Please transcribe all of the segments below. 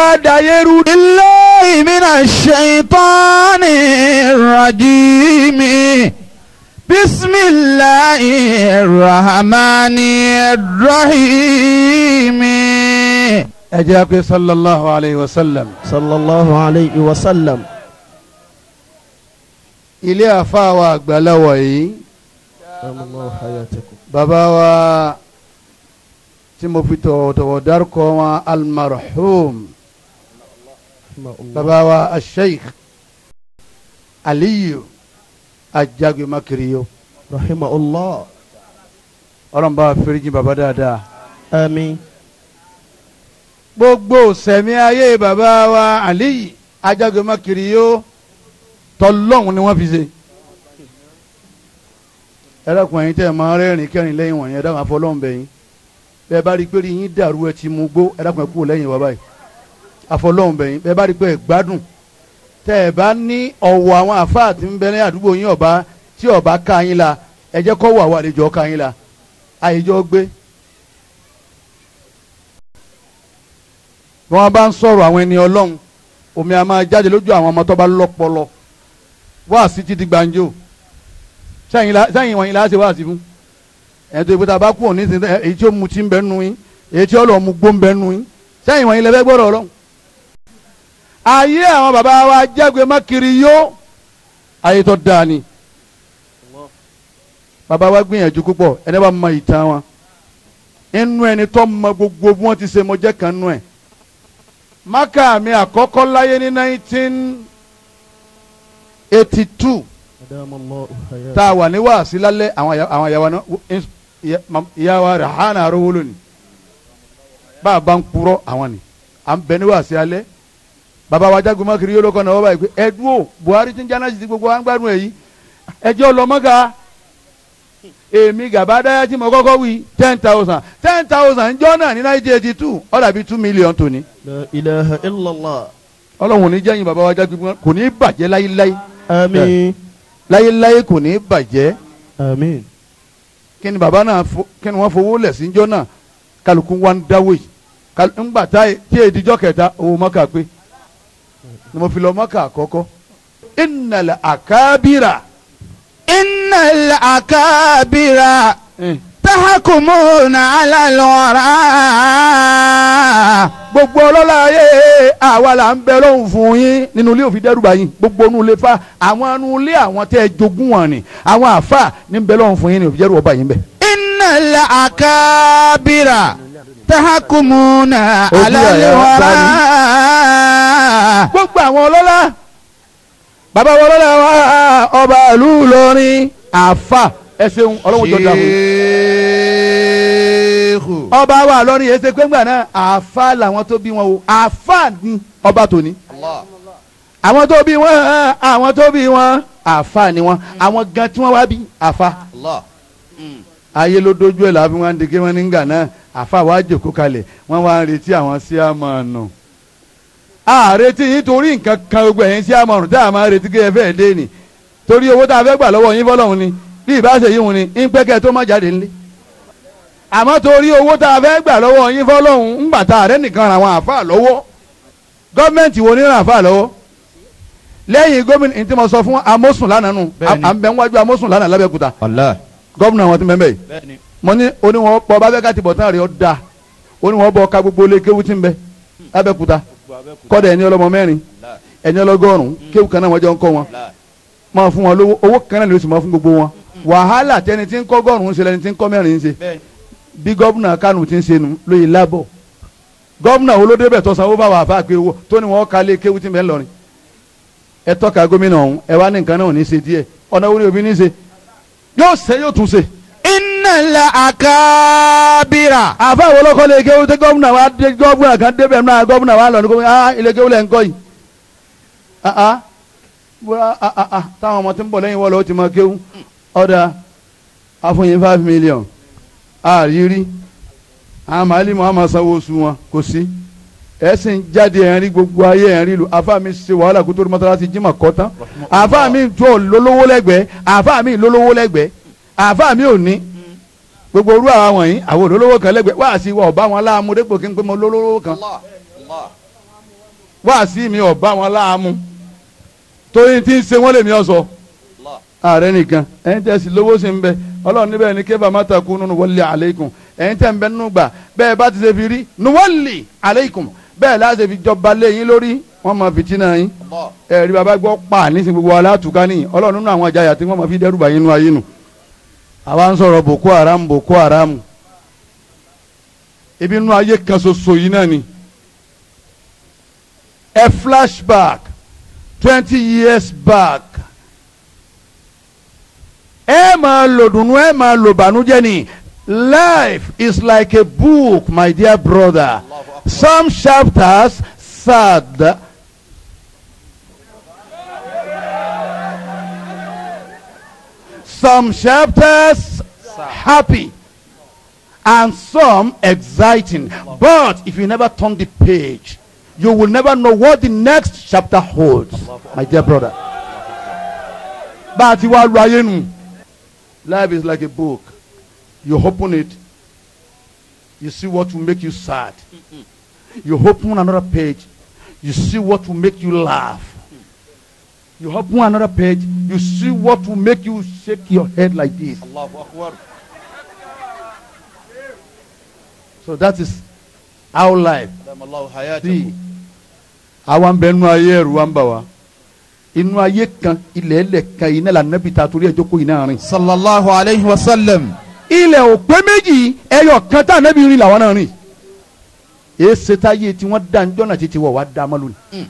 wá dayé rú. billahi minash shaitani rajimi bismillahir rahmanir rahimi. ẹ jẹ́ pé sallallahu alayhi wa sallam. sallallahu alayhi wa sallam. ilé àfáàwọ̀ àgbàlawọ̀ yìí. bàbá wa tí mo fi tọ̀wọ̀tọ̀wọ̀ dárúkọ wọn almarhum baba wa asheikh aliyu ajagbe makiriyo rahimahullah ọlọ́run bá fèrèjì baba dáadáa. àmín. gbogbo sẹ̀mí ayé baba wa aliyu ajagbe makiriyo tọ́lọ́hún ni wọ́n fi ṣe. ẹlẹ́kùn ẹ̀yin tẹ́ ẹ̀ máa rẹ́rìn kẹrin lẹ́yìn wọ̀nyẹn ẹ̀dá máa fọ́ ọlọ́run bẹ̀yìn bẹ́ẹ̀ bá rí i pé yín dàrú ẹ ti mú gbó ẹlẹ́kùn ẹ̀ kúrò lẹ́yìn wa báyìí àfọlọ́hún bẹ̀yìn bẹ́ẹ̀ bá rí pé ẹ̀ gbádùn tẹ́ ẹ̀ bá ní ọ̀wọ̀ àwọn àfáà tí ń bẹ ní àdúgbò yín ọ̀bá tí ọ̀bá ká yín la ẹ jẹ́ kọ́ wà wà àlejò ọ̀ká yín la àyèjọ́ gbé. bí wọ́n bá ń sọ̀rọ̀ àwọn ẹni ọlọ́run omi a máa jáde lójú àwọn ọmọ tó bá lọ́pọlọ wáàsí títí gbàǹjo sẹ́yìn wọ̀nyí la ṣe wáàsí fún ẹ̀ tó ìpótà bá kú òní èyí tí ó mu ti ń bẹ nù yín èyí tí ó mu gbó ń bẹ nù yín sẹ́yìn wọ̀nyí lẹ́fẹ́ gbọ́dọ̀ ọlọ́run ayé àwọn baba wa jágbe má kiri yó ayé tó dáa ni baba wa gbìyànjú púpọ̀ ẹni bá mọ ìtàn wọn inú ẹni tó mọ gbogbo bí wọ́n ti ṣe mọ̀jẹ́ kan nú ẹ̀ maka mi àkọ́kọ́ láyé ní nineteen eighty two tá a wà ní wàásí lálẹ́ àwọn àyàwó náà ìyá wa rẹ̀ hánà arówó lónìí bá a bá ń purọ́ àwọn ni à ń bẹ ní wàásí alẹ́ bàbá wa jágun mọ́kiri yóò lọ́kọ́ náà wọ́n báyìí pé ẹ dúró Buhari ti ń jáná sí gbogbo à ń gbádùn èyí ẹjọ́ lọ́mọ́gà èmi gàba dáyà tí mo kọ́kọ́ wí ten thousand ten thousand njọ́ náà ní nineteen eighty two ó dà two million tòní. La ilaha illallah. ọlọ́run ní jẹ́yìn bàbá wa jágun kò ní bàjẹ́ láyéláyé. àmín. láyéláyé kò ní bàjẹ́. àmín. kí ni bàbá náà kí ni wọ́n fowó lẹ̀ sí njọ́ náà kálukú wa ń dáwọ́ yìí ńgbà tá tí èdìjọ́ kẹta owó mọ́kà pé ni mo fi lọ mọ́kà àkọ́kọ́ innal akabira. innal akabira. Eh. tahkumuna ala lora. gbogbo ọlọ́lá ayé àwa là ń bẹ lọ́hùn fún yín nínú ilé òfin dẹ́rùbà yín gbogbo inú ilé fa àwọn inú ilé àwọn tẹ́ jogún wọn ni àwọn àfa ní bẹ lọ́hùn fún yín ní òfin dẹ́rùbà yín bẹ. innal akabira. tahkumuna ala lora gbogbo àwọn ọlọ́lá bàbá wọn ọlọ́lá wa ọba ìlú Ìlọrin àfà ẹ ṣeun ọlọ́run tó dàbò. ọba wa lọ́rin yẹn ṣe pé náà àfà làwọn tó bí wọn o àfà ni ọba tòní. àwọn tó bí wọn àwọn tó bí wọn àfà ni wọn hmm. àwọn gan tí wọn wá bí àfà. ayé ló dojú ẹ̀ làbí wọn dèké wọn nígbà náà àfà wàá jòkó kalẹ̀ wọn wá ń retí àwọn sí àmọ́ ọ̀nà. àrètí yín torí nǹkan kan gbogbo ẹ̀yin sí àmọ̀ràn tá a máa retí kí ẹ fẹ́ dé ni torí owó tá a fẹ́ gbà lọ́wọ́ yín fọlọ́hún ni bí ìbáṣe ni ń pẹ́ kẹ́ tó má jáde àmọ́ torí owó tá a fẹ́ gbà lọ́wọ́ yín fọlọ́hún ń gbà tá nìkan àwọn ni lọ́wọ́ lẹ́yìn gómìnà ní sọ fún lánàá nù lánàá lábẹ́kúta kọ́dà ẹni ọlọ́mọ mẹ́rin ẹni ọlọ́gọ́rùn mm. kéwù kan náà wọ́n jọ ń kọ́ wọn máa fún wọn lówó owó kan náà ló sì máa fún gbogbo wọn mm. wàhálà tẹni tí ń kọ́ gọ́rùn ń ṣe lẹni tí ń kọ́ mẹ́rin ń ṣe bí gọ́vùnà kánù ti ń ṣe nù lóye lábọ̀ gọ́vùnà olódébẹ̀ tó sanwó báwa àfa àpè owó tó ní wọn kalẹ̀ kéwù tí mẹ́ ńlọrin ẹ tọ́ka gómìnà ọ̀hún ẹ wá ní nǹkan náà ní ṣe díẹ̀ ọ̀nà wo ni òbí ní ṣe yóò ṣe yóò tún ṣe minala akabira. àfa ìwọlọ́kọ́ lè kéwú tí gómìnà wa dé gómìnà kan débẹ̀ náà gómìnà wa lọ ní gómìnà ah ilé kéwú lẹ̀ ń kọ́ yìí ah ah bóyá ah, ah ah ah táwọn ọmọ tí ń bọ̀ lẹ́yìn wọ́lọ́ ti mọ kéwú ọ̀dà àfọyín five million àrírí àmọ́ àlìmọ́ àmọ́ sanwó oṣù wọn kò sí ẹ̀sìn jáde ẹ̀rín gbogbo ayé ẹ̀rín lu àfa mi ṣe wàhálà kó tó rí mọ́tàlá kọ́ tán àfa mi tó lólówó lẹ́gbẹ̀ẹ́ àfa mi lólówó lẹ́gbẹ̀ẹ́ àfa mi ò ní gbogbo orú àwọn yìí àwọn olólówó kan lẹ́gbẹ̀ẹ́ wá sí wa ọba wọn láàmú dépò kí n pé mo lólówó kan wá sí mi ọba wọn láàmú torí tí ń ṣe wọn lè mi ọsọ ààrẹ nìkan ẹni tẹ́ sí lówó sí ń bẹ ọlọ́run níbẹ̀ ni kébà má ta kú nínú wọlé aleikum ẹni tẹ́ ń bẹ nínú gbà bẹ́ẹ̀ bá ti ṣe fi rí nuwọ́lì aleikum bẹ́ẹ̀ láti fi jọba léyìn lórí wọ́n máa fi tínà yín ẹ̀rí baba gbọ́ pa nísìnyí gbogbo alátùká nìyí ọlọ́run nínú àwọn àjàyà tí wọ́n máa fi dẹ́rù bàyínú ayé àwa ń sọ̀rọ̀ boko haram boko haram ibi inú ayé kan yìí náà ni a flashback twenty years back ẹ máa lò dùnú ẹ máa lò bànújẹ́ ni life is like a book my dear brother some chapters sad. Some chapters happy and some exciting. But if you never turn the page, you will never know what the next chapter holds. My dear brother. But you are Ryan. Life is like a book. You open it, you see what will make you sad. You open another page, you see what will make you laugh. You open another page, you see what will make you shake your head like this. So that is our life. See, àwọn bẹnu ayé ẹrù wa ń bà wá inú ayé kan ilẹ̀ ẹlẹ̀ kan iná la nẹ́bi ta torí ẹjọ́ kó iná rìn. sallallahu alayhi wa sallam. ilẹ̀ ò pé méjì ẹyọ kan tá nẹ́bi rìn làwọn náà rìn. èsì táyé tí wọ́n dá ń títí wọ̀ wá dá mọ́ lónìí. Hmm.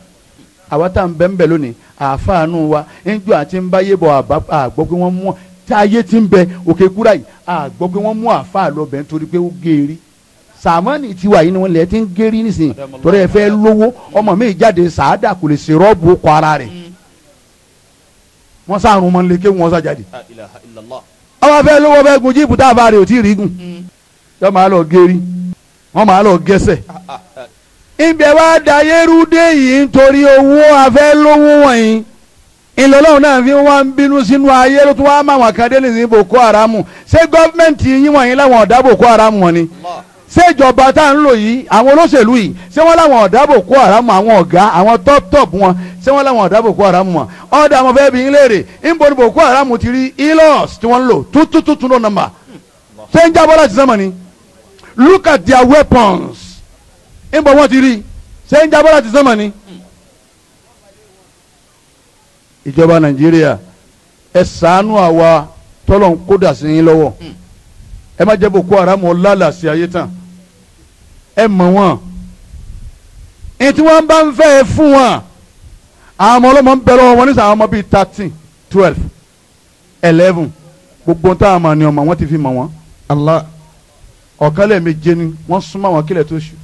àwa tá à ń bẹ́ńbẹ́ lónìí àfàànù wa ńjọ àti ń báyé bọ̀ àgbọ́ pé ti ń bẹ òkè kúrà yìí àgbọ́ pé wọ́n mú àfàà lọ nítorí pé ó géèrè sàmánì tiwa ni wọn lẹ ti ń géèrè nísìnyí torí ẹ fẹ́ lówó ọmọ mi jáde sàádà kò lè ṣe rọ́ọ̀bù kọ ara rẹ̀ mm. wọ́n sàrùn mọ́ lékè wọn sàjáde ọmọ lówó gun jíìpù tá a bá rè ibẹ̀ wá dayé rúdé yìí nítorí owó afẹ́ lówó wọ̀nyí ìlọlọ́run náà fi wá ń bínú sínú ayé ló tún wá máa wọn kan dé nìyí boko haram ṣé gọ́fìmẹ̀ntì yín wọ̀nyí láwọn ọ̀dà boko haram wọn ni ṣé ìjọba tá à ń lò yìí àwọn olóṣèlú yìí ṣé wọ́n láwọn ọ̀dà boko haram àwọn ọ̀gá àwọn top top wọn ṣé wọ́n láwọn ọ̀dà boko haram wọn ọ̀dà àwọn fẹ́ẹ́ bí ń léèrè ńbo ni boko haram ti rí ilos tí wọ́n ń lò tútútútù ló nàmbà ṣé ń jábọ́ láti sánmọ̀ ni look at their weapons ńbọ wọn ti rí ṣé ń jábọ́ láti sánmà ni. ìjọba nàìjíríà ẹ ṣàánú àwa tọ́lọ̀ ń kódà sí yín lọ́wọ́ hmm. ẹ má jẹ́ boko haram ọ̀làlà sí ayé tán ẹ mọ̀ wọ́n ètí wọ́n bá ń fẹ́ ẹ fún wọn àwọn ọlọ́mọ ń bẹ wọn nísà àwọn ọmọ bíi thirteen twelve eleven gbogbo táwọn àmàlẹ́ ọmọ wọn ti fi mọ̀ wọ́n. Allah ọ̀kálẹ̀ méje ni wọ́n súnmọ́ àwọn akílẹ̀ tó ṣù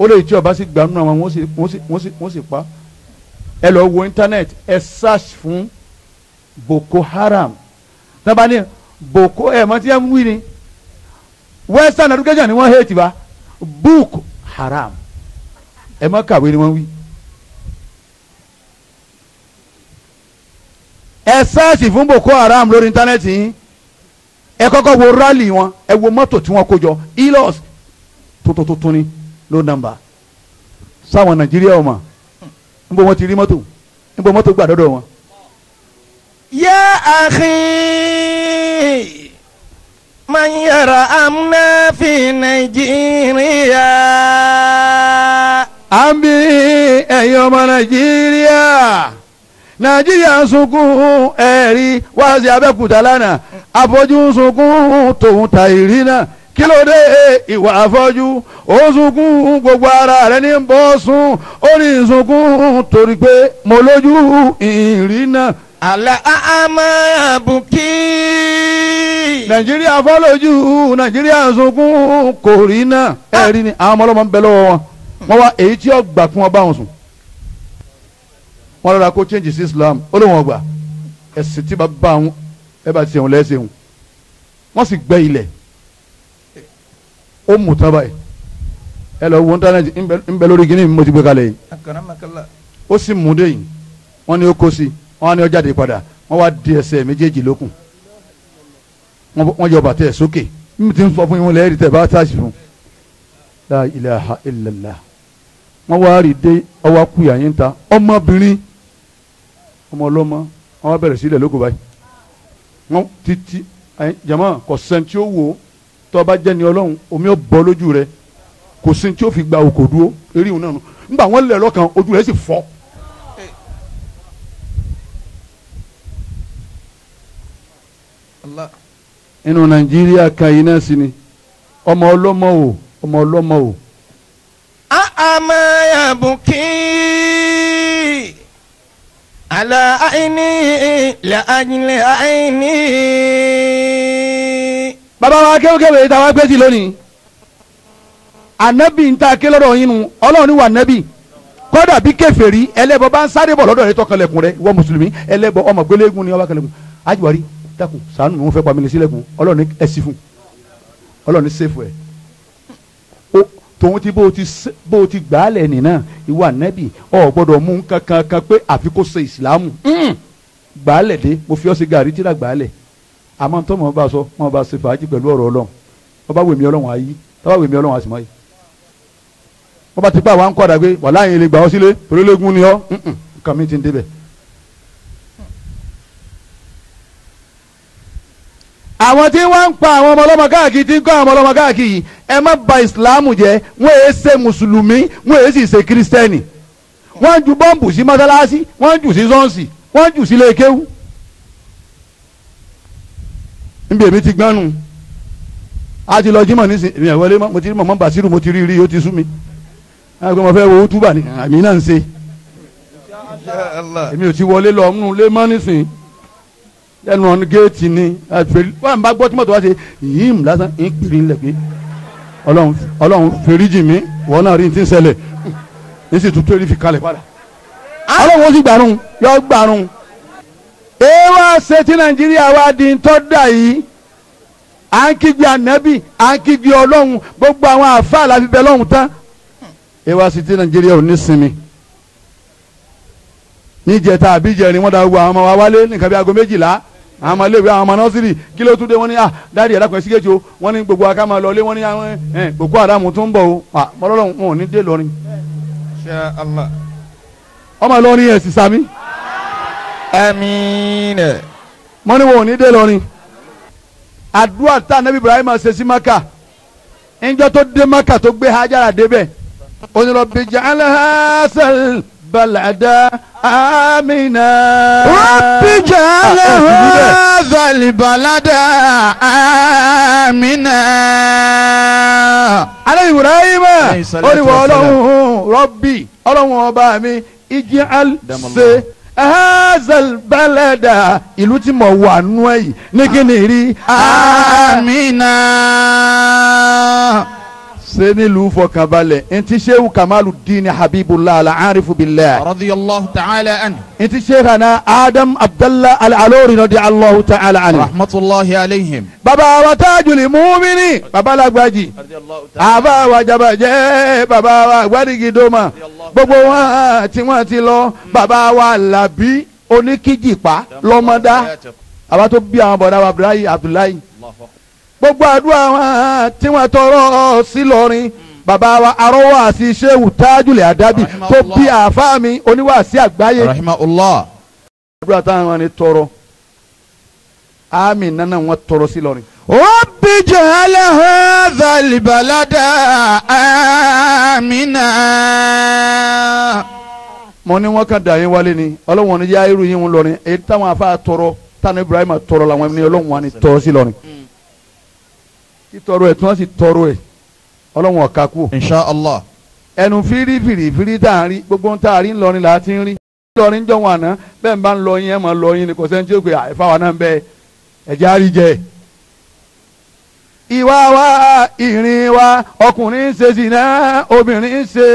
ó lè tí ọba sì gbà nínú àwọn wọ́n sì pa ẹ lọ wo internet ẹ search fún Boko Haram tábà ní Boko ẹ mọ tí ẹ ń wí ni western education ni wọ́n hate ba Boko Haram ẹ má kàwé ni wọ́n wí. ẹ sáàsì fún Boko Haram lórí íńtánẹ́ẹ̀tì yín ẹ kọ́kọ́ wo rally wọn ẹ wo mọ́tò tí wọ́n kó jọ ilos tuntun tuntun ni ló nàmbà sáwọn nàìjíríà ọmọ níbo wọn ti rí mọ́tò níbo mọ́tò gbà dọ́dọ̀ wọn. yá àkì man yara amna fi nàìjíríà. à ń bí ẹ̀yin ọmọ nàìjíríà nàìjíríà ń sunkún ẹ̀rí wá sí abẹ́kúta lánàá àfọ́jú ń sunkún tòun tàìrí náà kí ló dé ìwà àfọ́jú ó sunkún gbogbo ara rẹ ní bọ́ sùn ó ní sunkún torí pé mo lójú ìrìnà. àlà àmọ́ àbùkí. nàìjíríà fọ́lójú nàìjíríà sunkún kò rí náà ẹ̀rí ni àwọn ọmọlọ́mọ ń bẹ lọ́wọ́ wọn wọ́n wá èyí tí ó kí wọ́n bá wọn sùn wọ́n rọra kó change sí islam ó lóun ọgbà ẹ̀sìn tí bá bá wọn ẹ bá tiẹ̀ wọn lẹ́sẹ̀ wọn wọ́n sì gbẹ́ ilẹ̀ ó mú tán báyìí ẹ lọ wo íńtánẹ́ẹ̀tì ń bẹ lórí gíní mo ti gbé kalẹ̀ yìí ó sì mú dé yìí wọ́n ní ó kó sí wọ́n ní ó jáde padà wọ́n wá di ẹsẹ̀ méjèèjì lókun wọ́n yọ bàtẹ́ ẹ̀ sókè mímu ti fọ fún yín wọn lẹ́yìn tẹ̀ bá táàsì fún la ilaha illallah wọ́n wá rí dé ọwọ́ akúyà yín ta ọmọbìnrin ọmọ ọlọ́mọ wọ́n wá bẹ̀rẹ̀ sílẹ̀ lóko báyìí wọ́n títí jama kọ̀sẹ́ntì ó tó bá jẹ́ ni ọlọ́run omi ó bọ́ lójú rẹ kò sí tí ó fi gba òkò dúró eré òun náà nù nígbà wọn lẹ̀ lọ́kàn ojú rẹ̀ sì fọ́. inú nàìjíríà kan yìí náà sí ni ọmọ ọlọ́mọ o ọmọ ọlọ́mọ o. a àmàyà bùkíì. على عيني لأجل عيني bàbá wa kéwkéwé tá a wá gbé sí lónìí ànábì ń ta ké lọ́dọ̀ yín nu ọlọ́run ní wà nábì kọ́dà bí kèfèrí ẹlẹ́bọ bá ń sáré bọ̀ lọ́dọ̀ rẹ tọkànlẹ̀kùn rẹ ìwọ mùsùlùmí ẹlẹ́bọ ọmọ gbélégún ni ọba kẹlẹ́kùn ajiwari takun sànù òun fẹ́ pamẹ́lẹ́ sílẹ̀kùn ọlọ́run ní ẹ̀sìn fún ọlọ́run ní sèfù ẹ̀ tòun ti bó ti bó ti gbàálẹ̀ nìna ìwà nẹ́bì ọ̀ gbọ́dọ̀ mú kankan kan pé àfi kó ṣe ìsìlámù hmm. gbàálẹ̀ dé mo fi ọ́ sí gàrí tíra gbàálẹ̀ àmọ́ tó mọ̀ bá sọ mọ̀ bá ṣe fàájì pẹ̀lú ọ̀rọ̀ ọlọ́run ọba wèmí ọlọ́run ayé tọ́ba wèmí ọlọ́run àsìmọ́ yìí wọ́n bá ti bá wa ń kọ́dà pé wà láyìn ilé gbà ọ́ sílé torílégún ni ọ́ nǹkan mi ti ń débẹ̀. àwọn tí wọ́n ń pa àwọn ọmọ ọlọ́mọ káàkiri tí ń kọ́ àwọn ọmọ ọlọ́mọ káàkiri yìí ẹ má bà ìsìláàmù jẹ́ wọ́n èé ṣe mùsùlùmí wọ́n èé sì ṣe kírísítẹ́nì wọ́n jù bọ́ǹbù sí mọ́sálásí wọ́n jù sí ṣọ́ọ̀ṣì wọ́n jù sí ilé níbi èmi ti gbánu a ti lọ jímọ̀ nísìnyí èmi àwọlé mo ti rí mọ̀mọ́ bàṣírù mo ti rí rí ó ti sú mi ẹ pé mo fẹ́ wo túbà ni àmì náà ń ṣe èmi ò ti wọlé lọ nínú ilé mọ́ nísìnyí lẹ́nu ọ̀nà géètì ni wọ́n à ń bá gbọ́ tí mọ̀tò wá ṣe yìím lásán ń pèrè ńlẹ̀ pé ọlọ́run ọlọ́run fèrèjì mi wọ́n náà rí ti ń ṣẹlẹ̀ ní sì tún tó èrè fi kalẹ̀ padà ah! ọlọ́run ó sì gbàrún yọ gbàrún. Ewa wá ṣe tí nàìjíríà wá di tó dà yìí à ń kígbe ànábì à ń kígbe ọlọ́run gbogbo àwọn àfáà la fi bẹ lọ́hùn tán èé ṣe tí nàìjíríà ò ní sinmi níjẹta àbíjẹrin wọn da gbogbo àwọn ọmọ wa wálé nìkan bí aago méjìlá àwọn ọmọ iléèwé àwọn ọmọ nọ́sírì kí ló tún dé wọ́n ní ah dáàdi ẹ̀dá kan sígẹ́jì o wọ́n ní gbogbo aká máa lọlé wọ́n ní àwọn ẹ̀ Boko Haram tún ń bọ̀ o mọ́lọ́lọ́ wọn ò ní dé lọ́rin. ọmọ lọ́rin ẹ̀ sì sami àmín. mo ní wọn ò ní dé lọrin àdúrà tá anabi ibrahim ṣe sí maka níjọ́ tó dé maka tó gbé hajara débẹ̀ onírọ̀bì ja'ala hasal balada amina. rọ̀bì ja'ala ah, ah, hasal balada amina. anabi ibrahim oníwọ̀ ọlọ́run rọ̀bì ọlọ́run ọba mi ij'al ṣe azal balada ìlú tí mo wà nù ẹ yìí ní kí ni rí. amina. Ah, ṣe nílùú fọkànbalẹ̀ ntí sehu kamalu diini habibullah alaarifu billah. radiyallahu ta'ala an. ntí sehana adam abdallah alalori radi allahu ta'ala an. rahmatulahi alayhim. baba wa taajuli muumini baba lagbaji. aba wa jabajẹ baba wa gbarigi doma. gbogbo wọn tí wọn baba wa labi oníkíjìpá lọmọdá. àbátó bí àwọn wa abdullahi abdullahi gbogbo àdúrà wọn tí wọ́n tọrọ sí lọrin bàbá wa arọ́wọ́ àti sehu tájúlẹ̀ àdábì tó bí àáfàá mi oníwàásí àgbáyé. àdúrà táwọn wọn ni tọrọ àmì nana wọn tọrọ sí lọrin. Rabbi ja'al hadha al amina. mo ní wọn kan dà wálé ni ọlọ́wọ́n ni yá irú yín ń lọrin èyí táwọn afa tọrọ táwọn Ibrahima tọrọ làwọn ẹni ọlọ́wọ́n ni tọrọ sí lọrin. Mm títọrọ ẹ̀ tí wọ́n sì tọrọ ẹ̀ ọlọ́run ọ̀ka kú. insha allah. ẹnu firi firi fírí tá a rí gbogbo tá a rí ńlọrin là á ti ń rí. ńlọrin jọ wọn àná bẹ́ẹ̀ ń bá ń lọ yín ẹ̀ mọ̀ lọ yín ni kò sẹ́ni tí ó pe àìfáwa náà ń bẹ á rí jẹ. ìwà wa ìrìn wa ọkùnrin ń ṣe sìnà obìnrin ń ṣe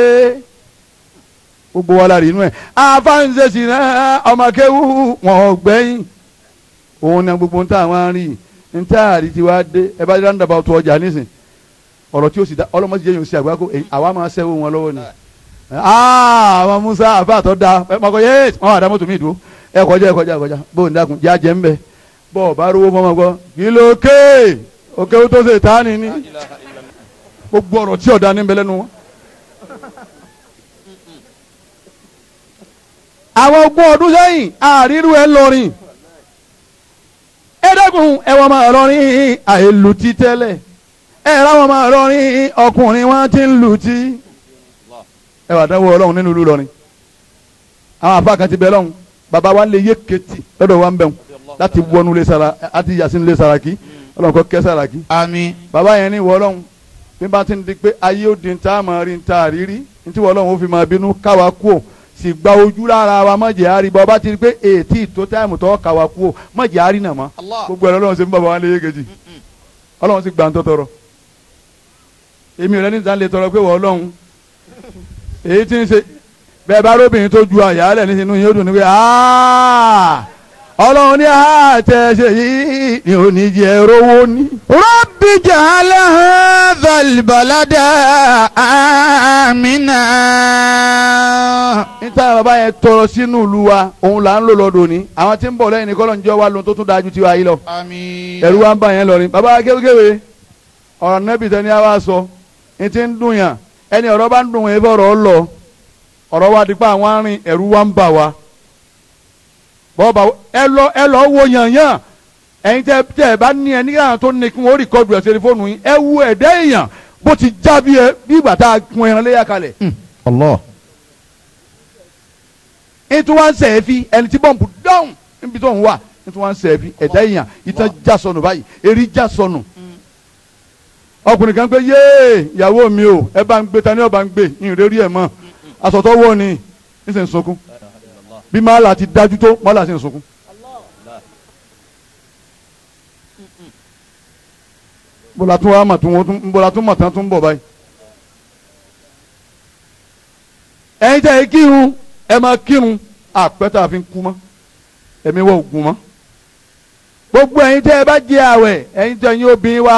gbogbo wa la rí inú ẹ̀ àfa ń ṣe sìnà ọmọ kéwú wọn ò gbẹ́yìn òun ni gbogbo tá a wá rí yìí ntaari ti wá de? ẹ bá dé round about ọjà nísìn ọ̀rọ̀ tí ó sì da ọlọ́mọ ti jẹ́ yòó sí àgbà kó àwa máa ṣẹ́wó wọn lọ́wọ́ ni ah, àwọn Musa àbáàtọ̀ da ẹ máa kọ yé wọn wà dámọ́tò mi dùn ẹ kọjá ẹ kọjá ẹ kọjá bó ń dákun já jẹ ń bẹ bọ́ ọ bá rówó mọ́mọ́ gbọ́ kìlọ̀ kéè òkè tó ṣe tá ni ní gbogbo ọ̀rọ̀ tí ọ̀dà níbẹ̀ lẹ́nu wọn. àwọn ogún ọdún sẹ́yìn àrírú ẹ lọrin ẹ dẹ́kun ẹ wọ́n máa rọrin àìlùtí tẹ́lẹ̀ ẹ ráwọn máa rọrin ọkùnrin wọn ti ń lùtí ẹ wà dánwò ọlọ́run nínú ìlú lọrin àwọn àfa kan ti bẹ lọ́hùn bàbá wa lè yé kéétì lọ́dọ̀ wa ń bẹ̀ láti wọnú lé sara àti yasin lé saraki ọlọ́run kọ́ kẹ́ saraki. àmín. bàbá yẹn ní ìwọ bí bá ti ń di pé ayé òdì ń tá a rí ń tá a ní tí ìwọ ó fi máa bínú káwa kú ò sì gba ojú lára wa mọ̀jẹ̀ àárí bọ́ bá ti rí pé ètí tó táìmù tó kà wá kú o mọ̀jẹ̀ àárí nà mọ́ gbogbo ẹ̀rọ ọlọ́run ṣe ń bàbá wa léyé kejì ọlọ́run sì gbà ń tọ́tọ̀rọ̀ èmi rẹ níta lè tọrọ pé wọ́n ọlọ́run èyí ti ń ṣe bẹ́ẹ̀ bá róbìnrin tó ju àyàlẹ̀ nínú yóò dùn ní pé aaa ọlọ́run ní àtẹ̀ṣe yìí ni ò ní jẹ́ rówó ní. rọ́bì jàlá balbalada amina. níta bàbá yẹn tọrọ sínú ìlú wa òun là ń lò lọ́dọ̀ ní àwọn tí ń bọ̀ lẹ́yìn ní kọ́lọ̀ níjọ́ wa lóun tó tún dájú tiwa yìí lọ. ẹ̀rù wa ń bà yẹn lọ rí bàbá kéwékéwé ọ̀rọ̀ nẹ́bì tẹ́ni á wá sọ ní ti ń dùn yàn ẹni ọ̀rọ̀ bá ń dùn yẹn fọ̀rọ̀ lọ wa bọ́ọ̀bà ẹ lọ ẹ lọ wo yànyàn ẹ̀yin tẹ tẹ ẹ bá ní ẹ nígbà tó ní kí wọ́n rìkọ́dù ẹ̀ sẹ́ni fóònù yín ẹ wo ẹ̀dá èèyàn bó ti já bí ẹ bí ìgbà tá a kun ẹran léyà kalẹ̀. Hmm. Allah. ètò wa ń sẹ̀ ẹ́ fi ẹni tí bọ́ǹbù dáhùn níbi tó ń wà ètò wa ń sẹ̀ ẹ́ fi ẹ̀dá èèyàn ìtàn já sọnù báyìí erí já sọnù. ọkùnrin kan pé yéé ìyàwó mi o ẹ bá ń gbé ta bá ń gbé ìrẹ́rí ẹ̀ mọ́ àsọ̀tọ̀ wọ́ ni ń sẹ́ ń sunkún bí màálà ti dájú tó màálà sì ń sunkún. bọ́lá tún wá mà tún wọ́n bọ́lá tún mà tán tún bọ̀ báyìí. ẹ̀yin tẹ́ ẹ kírun ẹ máa kírun àpẹ́tà fi ń kú mọ́ ẹ̀mí wọ́n ògùn mọ́. gbogbo ẹ̀yin tẹ́ ẹ bá jẹ àwẹ̀ ẹ̀yin tẹ́ ẹ̀yin obìnrin wa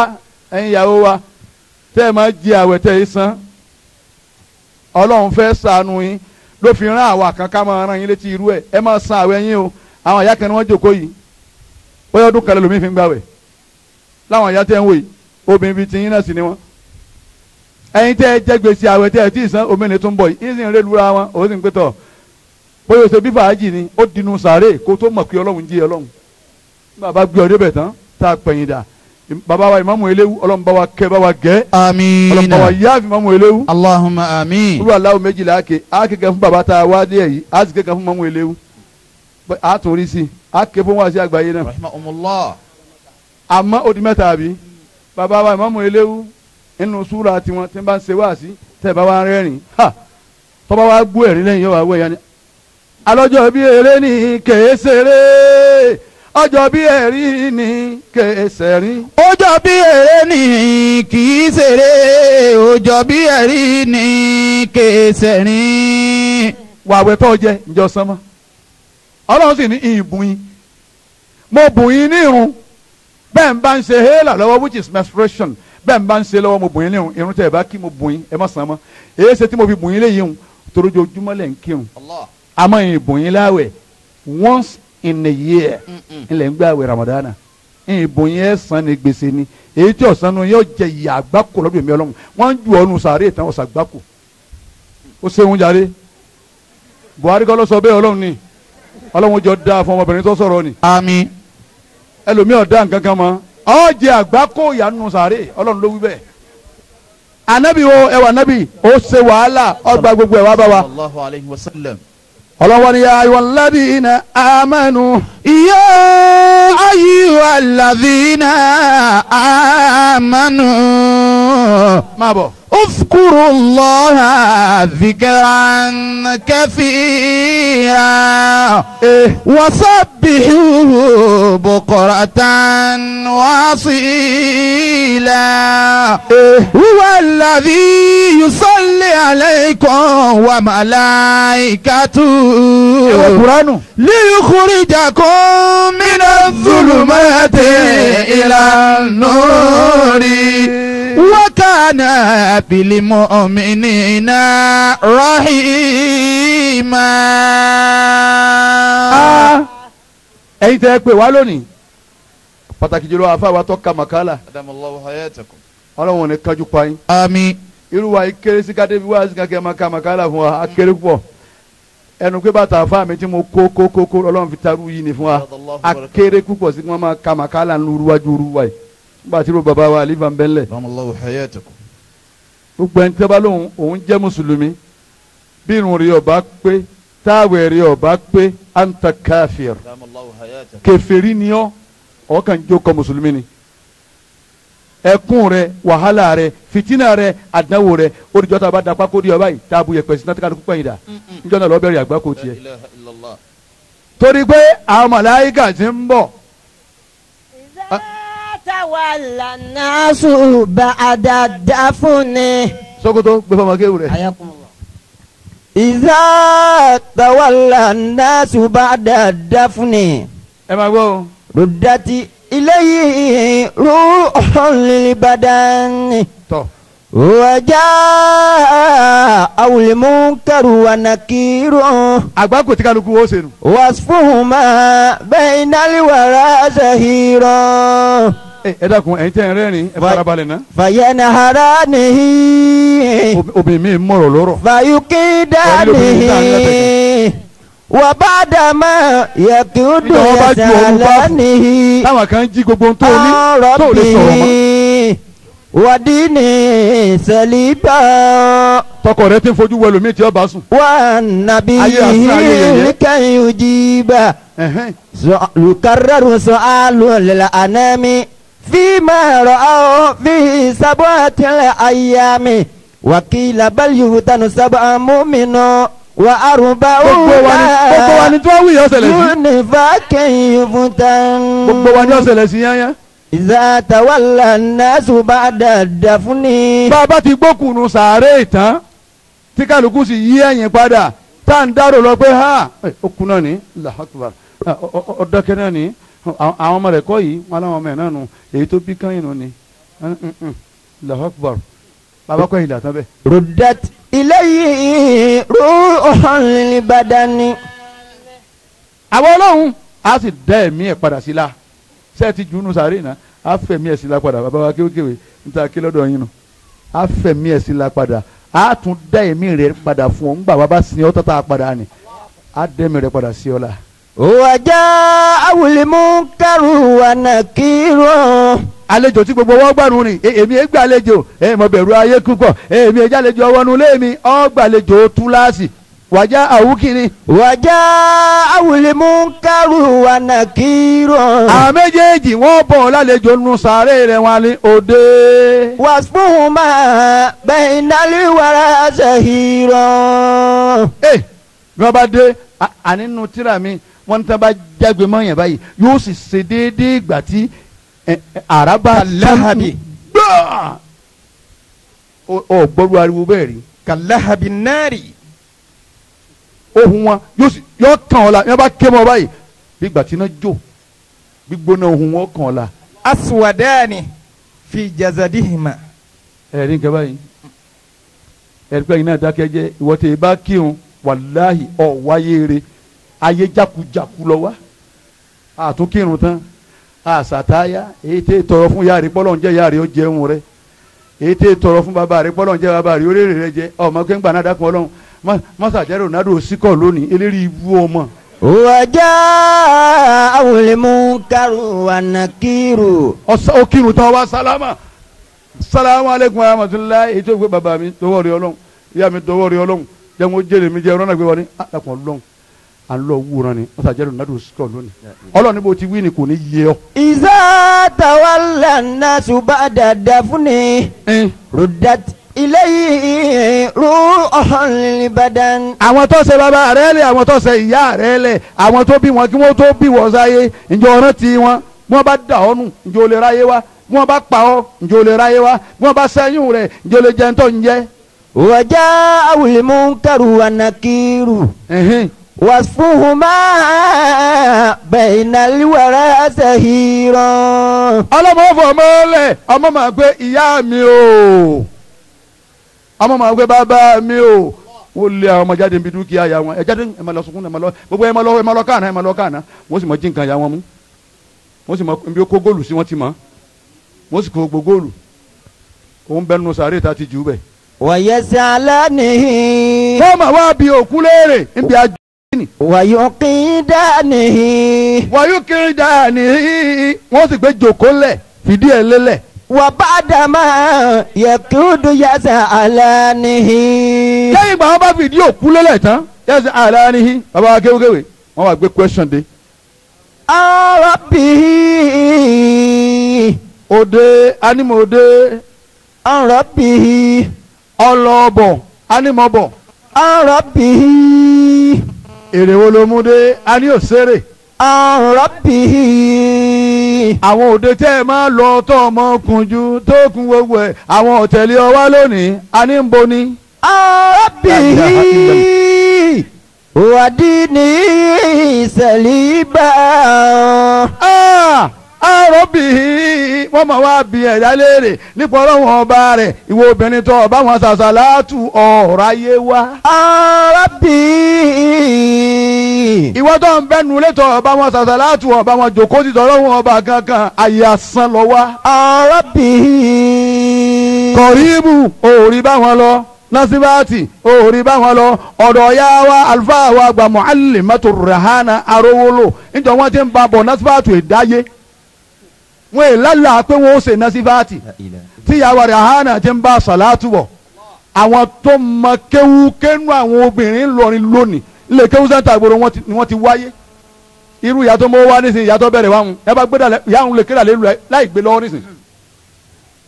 ẹ̀yin ìyàwó wa tẹ́ ẹ máa jẹ àwẹ̀ tẹ́ ẹ san ọlọ́run fẹ́ ṣàánú yín ló fi rán àwa kan ká máa rán yín létí irú ẹ̀ ẹ máa san àwẹ̀ yín o àwọn àyà kan ni wọ́n jòkó yìí bóyá ọdún kan lómi fi ń gbàwẹ̀ láwọn àyà tẹ́ ń wò yìí obìnrin bíi tiyín náà sì ni wọ́n ẹ̀yin tẹ́ ẹ jẹ́ gbèsè àwẹ̀ tẹ́ ẹ tí ì san omi tó ń bọ̀ yìí ìsìn rẹ̀ lura wọn òun sì ń pé bóyá o ṣe bí fàájì ni ó dinu sàárè kó tó mọ̀ pé ọlọ́run jí ọlọ́run bàbá gbé ọ débẹ̀ tán tá a pẹ̀yìn dà baba wa imamu elewu ọlọ́run bá wa kẹ́ bá wa amiina ọlọ́run bá wa imamu elewu. alahuma amiin. olú aláwo méjìlá ake a kéka fún baba tá a wá dé yìí a fún imamu elewu a torí si Ake ké fún wàásù àgbáyé na. rahmanulah. àmọ́ odi mẹ́ta bi baba wa imamu elewu nínú súra tiwọn tí n bá ń ṣe wáàsí tẹ̀ ha tọ́ba wa gbó ẹ̀rín lẹ́yìn yóò wá wẹ̀ yanni. alọ́jọ́ bí eré ni kèé seré ọjọ́ bí ẹ̀rí ni kèé sẹ̀rín ó jọ bí ni kì í ṣeré ó jọ bí ẹ̀rí ni kèsè ni. wàwẹ̀ tó jẹ ǹjọ́ sánmọ́ ọlọ́run sì ní ìbùn yín mo bùn yín ní irun bẹ́ẹ̀ ń bá ń ṣe hélà lọ́wọ́ which is menstruation bẹ́ẹ̀ ń bá ń ṣe lọ́wọ́ mo bùn yín ní irun irun tẹ́ ẹ bá kí mo bùn yín ẹ má sàn èyí ṣe tí mo fi bùn yín léyìn torí ojoojúmọ́ lẹ̀ ń kírun àmọ́ ìbùn yín láwẹ̀ once in a year ńlẹ̀ ń gbàwẹ̀ ramadana ìbùn yẹn san ni gbèsè ni èyí tí ọ̀sán nu yóò jẹ ìyà àgbákò lọ́dún èmi ọlọ́run wọ́n ń ju ọ̀run sàárè ìtàn ọ̀sà àgbákò ó ṣeun jàre Buhari kọ́ ló bẹ́ẹ̀ ọlọ́run ni ọlọ́run jọ da fún ọmọbìnrin tó sọ̀rọ̀ ni. àmín. ẹlòmíràn dá nǹkan kan mọ́ ọ jẹ àgbákò ìyanu sàárè ọlọ́run ló wí bẹ́ẹ̀. anabi wo ẹwà anabi ó ṣe wàhálà ọgbà gbogbo ẹwà bá wa ọlọ́wọ́ ni ayọ̀ ladina amanu. ìyá ayọ̀ ladina amanu. máa bọ̀. اذكروا الله ذكرا كثيرا وسبحه بقرة واصيلا هو الذي يصلي عليكم وملائكته ليخرجكم من الظلمات إلى النور وكان بالمؤمنين رحيما ẹ̀yin tẹ́ ẹ pè wá lónìí pàtàkì jùlọ àfa tó ka makala. adamallahu hayatakum. ní kájú pa yín. àmín. irú wa kéré sí kádé bí wàá sí kankan máa ka makala fún wa a kéré pọ̀ ẹnu pé bàtà àfa mi tí mo kó kó kó kó ọlọ́run fi taru yìí ni fún wa a kéré púpọ̀ sí kí wọ́n máa ka makala ń lu ruwájú ruwa yìí gbàtírò baba wa alifa nbẹ́lẹ̀. bàmàlàwò hayatakum. gbogbo ẹni tẹ́bá lóhùn òun jẹ́ mùsùlùmí bí irun rí ọba pé táwẹ̀ rí ọba pé anta káfíìr kẹfẹ́rí ni ọ́ ọkàn jókòó mùsùlùmí ni ẹkún rẹ wàhálà rẹ fìtínà rẹ àdánwò rẹ olùjọ́ tá a bá di ọba yìí tá a bu yẹpẹ̀ sí náà dà níjọ́ náà lọ́bẹ̀rẹ̀ àgbà kò tiẹ̀ torí pé àwọn màláyíkà ti ń bọ̀ tawàlà náà baada dafuni. a dáadáa fún ni. sókòtò gbé fọmọ kéwù rẹ. ìzá tawàlà náà sùn bá a dáadáa fún ni. ẹ máa gbọ́ o. rúdàtì iléyìí rúhùn lìbàdàn. tọ́. Wàjà awùlẹ̀mú kẹrù ànàkírò. Àgbà kò tí kálukú ó ṣe nù. Wàsífùhùn máa bẹ́ẹ̀ náà lè ṣe hìrọ̀ ẹ dákun ẹ̀yin tẹ́ ẹ rẹ́rìn ẹ fara balẹ̀ ná. fàyẹ ni hara nìyí. obìnrin mi mọ̀rọ̀ lọ́rọ̀. fàyùkì dá wà bá dàmà yẹkì dùn ẹsẹ̀ àlá nìyí. táwọn kan jí gbogbo tó ní tó lè sọ̀rọ̀ mọ́. wàdí ni sẹ́líbà. tọkọ rẹ ti ń fojú wẹlú mi tí ó bá sùn. wà á nàbí yìí kẹ́hìn ojú ibà. lùkàrẹ́rù sọ àlù lẹ́la ànámi. فيما رأوا فيه سبعة أيام وقيل بل يهتن سبع مؤمن وأربع دون فاك يفتن إذا تولى الناس بعد الدفن bàbá ti gbókùnù sàárè tán tí kálukú sì yí ẹ̀yìn padà tá à ń dárò lọ pé ha okùn náà ní làhàkùbà ọ̀dọ́kẹ́ náà ní àwọn ọmọ rẹ̀ kọ́ yìí wọn aláwọn ọmọ ẹ̀ náà nù èyí tó bí kán inú ni lahakubar bàbá yìí làtọ́ bẹ́ẹ̀. rodat ilayhi ruhun lil badani. àwọn ọlọ́run a sì dá ẹ̀mí ẹ̀ padà sí la ṣé ẹ ti junu sàárè náà a fẹ̀mí ẹ̀ sí la padà bàbá wa kéwékéwé níta kí lọ́dọ̀ yín nù a fẹ̀mí ẹ̀ sí la padà a tún dá ẹ̀mí rẹ̀ padà fún ọ ńgbà wa bá sin ọ́ tọ́ta padà ni a dẹ́mi rẹ̀ padà sí ọ la. wàjà awùlímù kẹrù ànàkírò. Alejo tí gbogbo wọn gbàrún ni eh, èmi ẹ gbàlejò ẹ eh, mọ bẹ̀rù ayé púpọ̀ eh, èmi ẹ jàlejò ọwọnu lémi ọ gbàlejò túláàsì wàjà àwùkìnrin. wàjà awùlímù kẹrù ànàkírò. àwọn méjèèjì wọn bọ̀ lálejò nu sàárè rẹ̀ wọn ni òde. wàsífùn máa bẹ̀yìn dálí wàrà ẹ wọn bá dé àní nu tíra mi. wọ́n tán bá jágbe mọ́ yẹn báyìí yóò sì ṣe déédéé ìgbà tí àràbà láhàbì gbáà ọ gbọ́dọ̀ ariwo bẹ́ẹ̀ rí. kàláhàbì náírì. ohun wọn yóò sì yọ kàn ọ́ la yẹn bá ké mọ́ báyìí bí ìgbà tí iná jó gbígbóná ohun wọn kàn ọ́ la. aswadani fi jazadihima. ẹ̀rí nǹkan báyìí ẹ̀rí pé iná dákẹ́ jẹ́ ìwọ́tẹ̀ ìbá kírun wàláhì ọ̀ wáyé rẹ̀ ayé jákujàku lọ wá àtúnkírun tán àṣàtáyà èyí tẹ́ tọrọ fún yàrá pọ́lọ́ ń jẹ́ yàrá ó jẹun rẹ èyí tẹ́ tọrọ fún bàbá rẹ pọ́lọ́ ń jẹ́ bàbá rẹ ó rèrè rẹ jẹ ọmọ kéńgbà náà dákun ọlọ́run mọ́sàjẹ́ Ronaldo síkọ̀ lónìí eléré ibú ọmọ. wàjà awolemu karu anakiru. ọ̀sán okirun tán wá sálámà sálámà aleykum aramatulah èyí tó gbé bàbá mi tọwọ́ rí ọlọ́run ìyá mi tọwọ́ rí ọlọ́run jẹun A ń lọ wúran ni wọ́n sàjẹ́rù nàdù sọ̀ lónìí ọlọ́ni bó ti ni kò ní yé ọ. ìzá tawàlà nasu bá dàda fún ni ilé yìí rú ọ̀hún àwọn tó bàbá rẹ àwọn tó ṣe ìyá rẹ àwọn tó bí wọn kí tó bí wọn sáyé ti wọn wọn bá dà nù bá pa ọ́ wàsífúnhùnmá bẹ̀yìnà wẹ̀rẹ̀ ṣèhìrán. ọlọ́mọ ọ̀fọ̀ ọmọ ọlẹ̀ ọmọ màá gbé ìyá mi o ọmọ màá gbé bàbá mi o wọ́n lé àwọn ọmọ jáde níbi dúkìá ya wọn ẹ jáde ẹ máa lọ sunkún ẹ máa lọ gbogbo ẹ máa lọ ẹ máa lọ káàná ẹ máa lọ káàná wọ́n sì mọ jí nǹkan ya wọn mú wọ́n sì mọ ibi kó góòlù sí wọ́n ti mọ̀ wọ́n sì kó gbogbo góòlù òun bẹ́ẹ̀ nù sàárè ta ti jù bẹ́ẹ̀. wọ̀nyẹ́sẹ̀ alẹ́ nìyí. fọ́ọ̀mù àwa bíi òkú léèrè níbi àjọ kíni. wàyó kí dání. wàyó kí dání. wọ́n sì gbé jòkó lẹ̀ fìdí ẹ̀ lélẹ̀. wà bá dàmà yẹkúdú yẹsẹ̀ aláníhì. lẹ́yìn ìgbà wọn bá fìdí òkú lélẹ̀ tán yẹsẹ̀ aláníhì bàbá wa kéwékéwé wọ́n wá gbé question de. ọ̀rọ̀ bíi. òde anímọ̀ òde. ọ̀rọ̀ bíi. ọlọ́ọ̀bọ̀ anímọ̀ bọ̀. ọ̀rọ̀ bíi èrè wo ló mú dé a ní òṣèré. àrọ́bì. àwọn òde tẹ́ ẹ máa lọ tó ọmọ kunjú tó kun gbogbo ẹ̀ àwọn ọ̀tẹ̀lẹ̀ ọwá lónìí a ní ń bo ni. wàdí ni ìṣẹ̀lẹ̀ ibà. àròbì wọ́n mọ̀ wá bí ẹ̀dá léèrè nípa ọlọ́run ọba rẹ̀ ìwọ obìnrin tó ọba wọn ṣàṣà látù ọ̀rọ̀ ayé wa. àròbì. ìwọ tó ń bẹ́nu létọ̀ ọba wọn ṣàṣà látù ọba wọn jòkó ti ọba kankan ayé asán lọ wá. àròbì. o òòrí bá wọn lọ nasibati wọn lọ ọdọ ya wa gba rahana ti ń ba ìdáyé wọn è lálà pé wọn ó ṣe nasifati tíyàwó rẹ hànà ti ń bá sàlátù bọ àwọn tó mọ kéwú kéwú àwọn obìnrin ńlọrin lónìí ilé kéwú sẹ́ńtà ìgboro ni wọ́n ti wáyé irú ìyàtọ̀ mọ́ wá nísìnyí ìyàtọ̀ bẹ̀rẹ̀ wá ń ẹ bá gbé dàlẹ́ ìyá òun lè kéde àlelu láì gbé lọ́wọ́ nísìnyí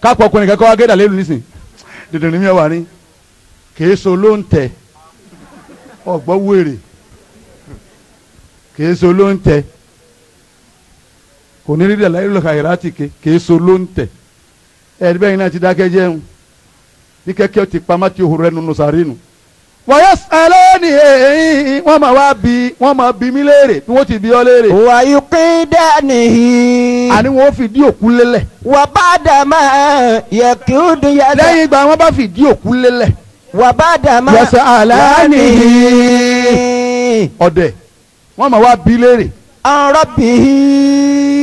kápọ̀ ọkùnrin kẹ́kọ́ wá gé dàlelu nísìnyí dèdè ní mi wà ní kìí so ló ń tẹ ọ̀gbọ́ wèrè kìí so ló ń tẹ kò ní rídà láyé ke kì í so ló ń tẹ̀ ẹ̀rí bẹ́ẹ̀ náà ti dákẹ́ jẹun ní kẹ́kẹ́ ti pamá ti hùrẹ́ nínú sàrínù. wọ́yọ̀ sálẹ̀ ni èyí wọ́n máa wá bí wọ́n máa bí mí léèrè bí wọ́n ti bí ọ léèrè. wàyí pín dání. àní wọn fi dí òkú lélẹ̀. wà bá dàmà yẹ kí ó dùn yàtọ̀. lẹ́yìn ìgbà wọn bá fi òkú lélẹ̀. wà bá dàmà yẹ sálẹ̀ ọ̀dẹ̀ wọ́n máa wá bí léèrè. ọ̀rọ̀ bìí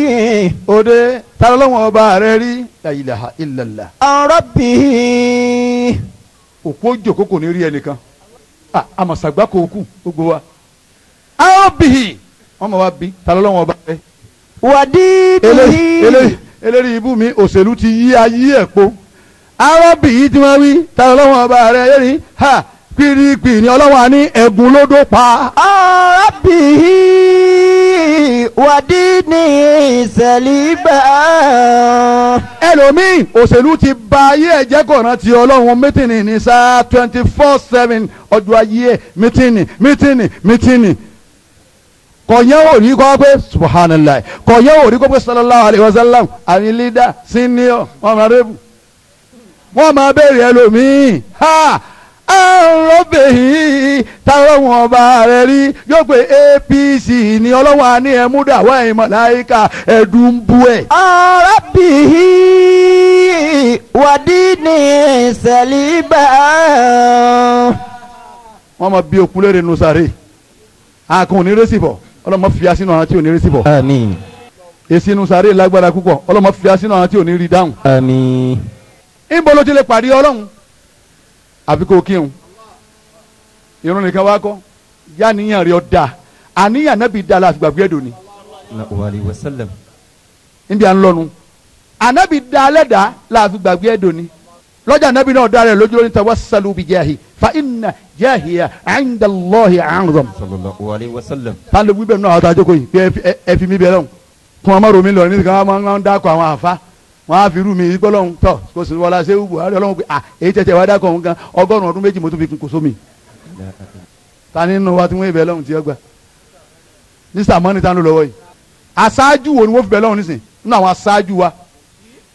rabbihi òde ta lọ́wọ́ ọba rẹ rí la ilaha illallah. an rabbihi. òpó jòkó kò ní rí ẹnìkan àmọ̀sàgbà kò kù gbogbo wa. an wọ́n mọ̀ wá bí ta lọ́wọ́ ọba rẹ. wàdí bìí. eléyìí ibú mi òṣèlú ti yí ayé ẹ̀ po. an rabbihi tí wọ́n wí ta lọ́wọ́ ọba rẹ rí ha pírípì ni ọlọ́wà ní ẹ̀gún ló dó pa. ọ̀rọ̀bì wàdí ní ìṣẹ̀líbà. ẹlòmíì òṣèlú ti ba ayé ẹ̀jẹ̀ kọ̀ọ̀nà ti ọlọ́run mítìnì ní sáà twenty four seven ọjọ́ ayé ẹ̀ mítìnì mítìnì mítìnì kọ̀yẹ́ ò rí kọ́ pé subhanallah kọ̀yẹ́ ò rí kọ́ pé sallallahu alayhi wa sallam àní leader senior honorable wọ́n máa béèrè ẹlòmíì ha àròbèyí táwọn ọba rẹ rí yóò pé apc ni ọlọ́wọ́n àní ẹ̀múdà wà ìmọ̀láyíkà ẹ̀dùnbù ẹ̀. àròbèyí wàdí ní sẹ́líbà. wọ́n máa bí okun lóore nusare àkùn onírèsì bọ̀ ọlọ́mọ fìyà sínú àwọn tí ò ní rèsì bọ̀. àmín. èsì nusare lágbára púpọ̀ ọlọ́mọ fìyà sínú àwọn tí ò dáhùn. àmín. ló ti lè pàdé ọlọ́run àfi kó kírun irun nìkan wá kọ́ yá níyàn rí ọ da àníyàn nábì da la àfìgbà gbẹ́dọ̀ ni. níbi à ń lọ́nu ànábì da alẹ́ da la àfìgbà gbẹ́dọ̀ ni lọ́jà ànábì náà da rẹ̀ lójú lórí ta wasalu bi jahi fa inna jahiya inda Allahi a'zam. ta ló wí bẹ́ẹ̀ náà àtàjọ́ kò yìí ẹ fi mi bẹ̀rẹ̀ o kún ọmọ romi lọ ní ká máa ń dákọ̀ àwọn àfa wọn á fi rú mi gbọ́lọ́hún tọ̀ kò sí wọlá ṣé buhari ọlọ́run pé à èyí tẹ̀tẹ̀ wá dákọ̀ ọ̀hún gan ọgọ́rùn ọdún méjì mo tún fi kún sómi. ta ni nínú wa tí wọ́n bẹ̀ lọ́hún tí ó gbà mr money ta ló yìí aṣáájú wo ni wọ́n fi bẹ̀ lọ́hún nísìn nínú àwọn aṣáájú wa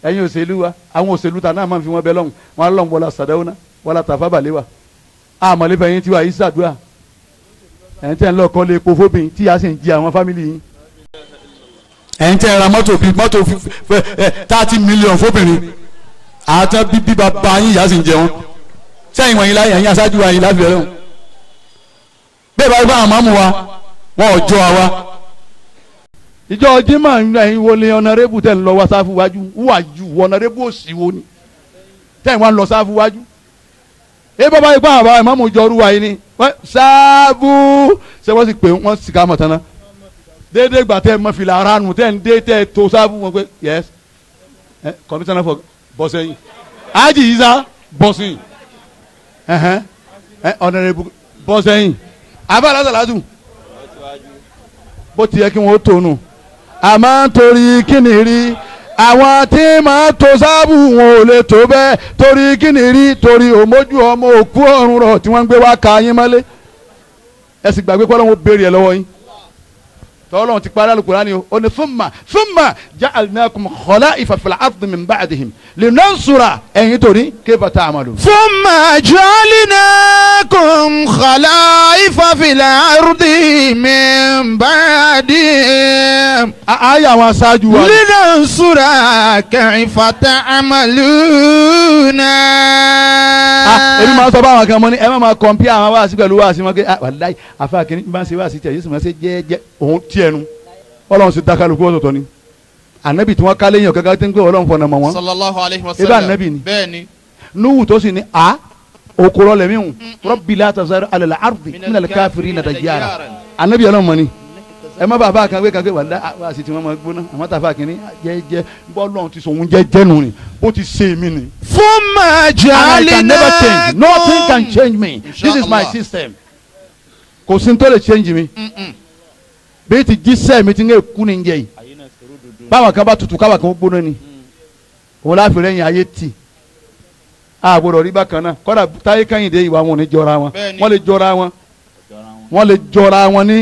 ẹ̀yin òṣèlú wa àwọn òṣèlú ta náà máa fi wọ́n bẹ̀ lọ́hún wọn lọ́hún wọlá sàdáwọ́nà wọlá tàfábàlẹ́ wa àmọ̀lẹ́fẹ̀yìn tiwa yìí ṣàdúrà ẹ̀ ń tẹ́ ń lọ kọ́lé epo fóbìn tí a sì ń jí àwọn fámìlì yìí ẹ̀yin tẹ́ ẹ ra mọ́tò bíi mọ́tò thirty million fóbìnrin àtàn bíbí bàbá yín ìyá sì ń jẹun sẹ́yìn wọ̀nyí láyé ẹ̀yin aṣáájú wa yín lábẹ́ ọ̀hún bẹ́ẹ̀ bá bá àwọn mọ́mú wa wọn ò jọ àwa. ìjọ jimá ẹ̀yin wo ni ọ̀nàrẹ́bù tẹ̀ ń lọ wá sáfù wájú wájú ọ̀nàrẹ́bù òsì wo ni tẹ̀ ń wá lọ sáfù wájú ẹ bàbá yìí pa àbá ìmọ̀mù jọrú wa yìí ni sáfù ṣé wọ́n sì pè wọ́n sì ká mọ̀ tán náà déédéé gbà tẹ́ ẹ mọ fìlà dé tẹ́ tó sábà wọn pé yes komisanna fọ bọ́sẹ̀ yìí yìí sá bọ́sẹ̀ yìí ọ̀nàrẹ́bù bọ́sẹ̀ yìí abala bó ti kí wọ́n tó nù àmọ́ torí kí rí àwọn tí màá tó sáàbù wọn ò lè tó bẹ́ẹ̀ torí kí rí torí òmójú ọmọ òkú ọ̀run rọ̀ tí wọ́n ń gbé wá ka yín mọ́lé ẹ sì gbàgbé pé Ọlọ́run ó béèrè lọ́wọ́ yín tọ́lọ́ ti parí alukurani o ní thumma thumma ja'alnakum khala'ifa fil ardi min ba'dihim linansura ẹ̀yin torí kayfa ta'malu. thumma ja'alnakum khala'ifa fil ardi min ba'dihim. a yà wọn aṣáájú wa. linansura kayfa ta'maluna. èmi máa sọ báwọn kan mọ́ ni ẹ má máa kọ̀ǹpì àwọn wáàsí pẹ̀lú wáàsí wọn kí wàláyé àfa kìíní bá ń ṣe wáàsí tẹ̀ yóò sì máa ṣe jẹ́ẹ́jẹ́ òun tí díẹ̀ nu ọlọ́run sì dakaluku ọ̀tọ̀ọ̀tọ̀ ni ànábì tí wọ́n kálé yàn gẹ́gẹ́ tí ń pè ọlọ́run fọ̀nà mọ̀ wọ́n ibà ànábì ni nuhu tó sì ni a okòrò lẹ́mí hùn rabbi la tazar ala al-ardi min al-kafirina dayyara ànábì ni ẹ má bàa bá kan gbé kan gbé wàlá wà sí tí wọn máa gbóná àmọ́ tàfà kìíní jẹjẹ bọlọ ti sòun jẹjẹ nù ni bó ti ṣe mí ni. fún màá jà lè náà kún nothing can change me this is my system kò sí ní tó lè change me. Mm -mm bẹ́ẹ̀ hmm. ti jíṣẹ́ mi ti ń gé kúni jẹ yìí báwọn kan bá tutù káwọn kan gbóná ni òun láfi lẹ́yìn ayé tì àgbọ̀dọ̀ rí bákan náà kọ́dà táyé kẹ́yìndé ìwà wọn ò ní jọra wọn wọ́n lè jọra wọn wọ́n lè jọra wọn ní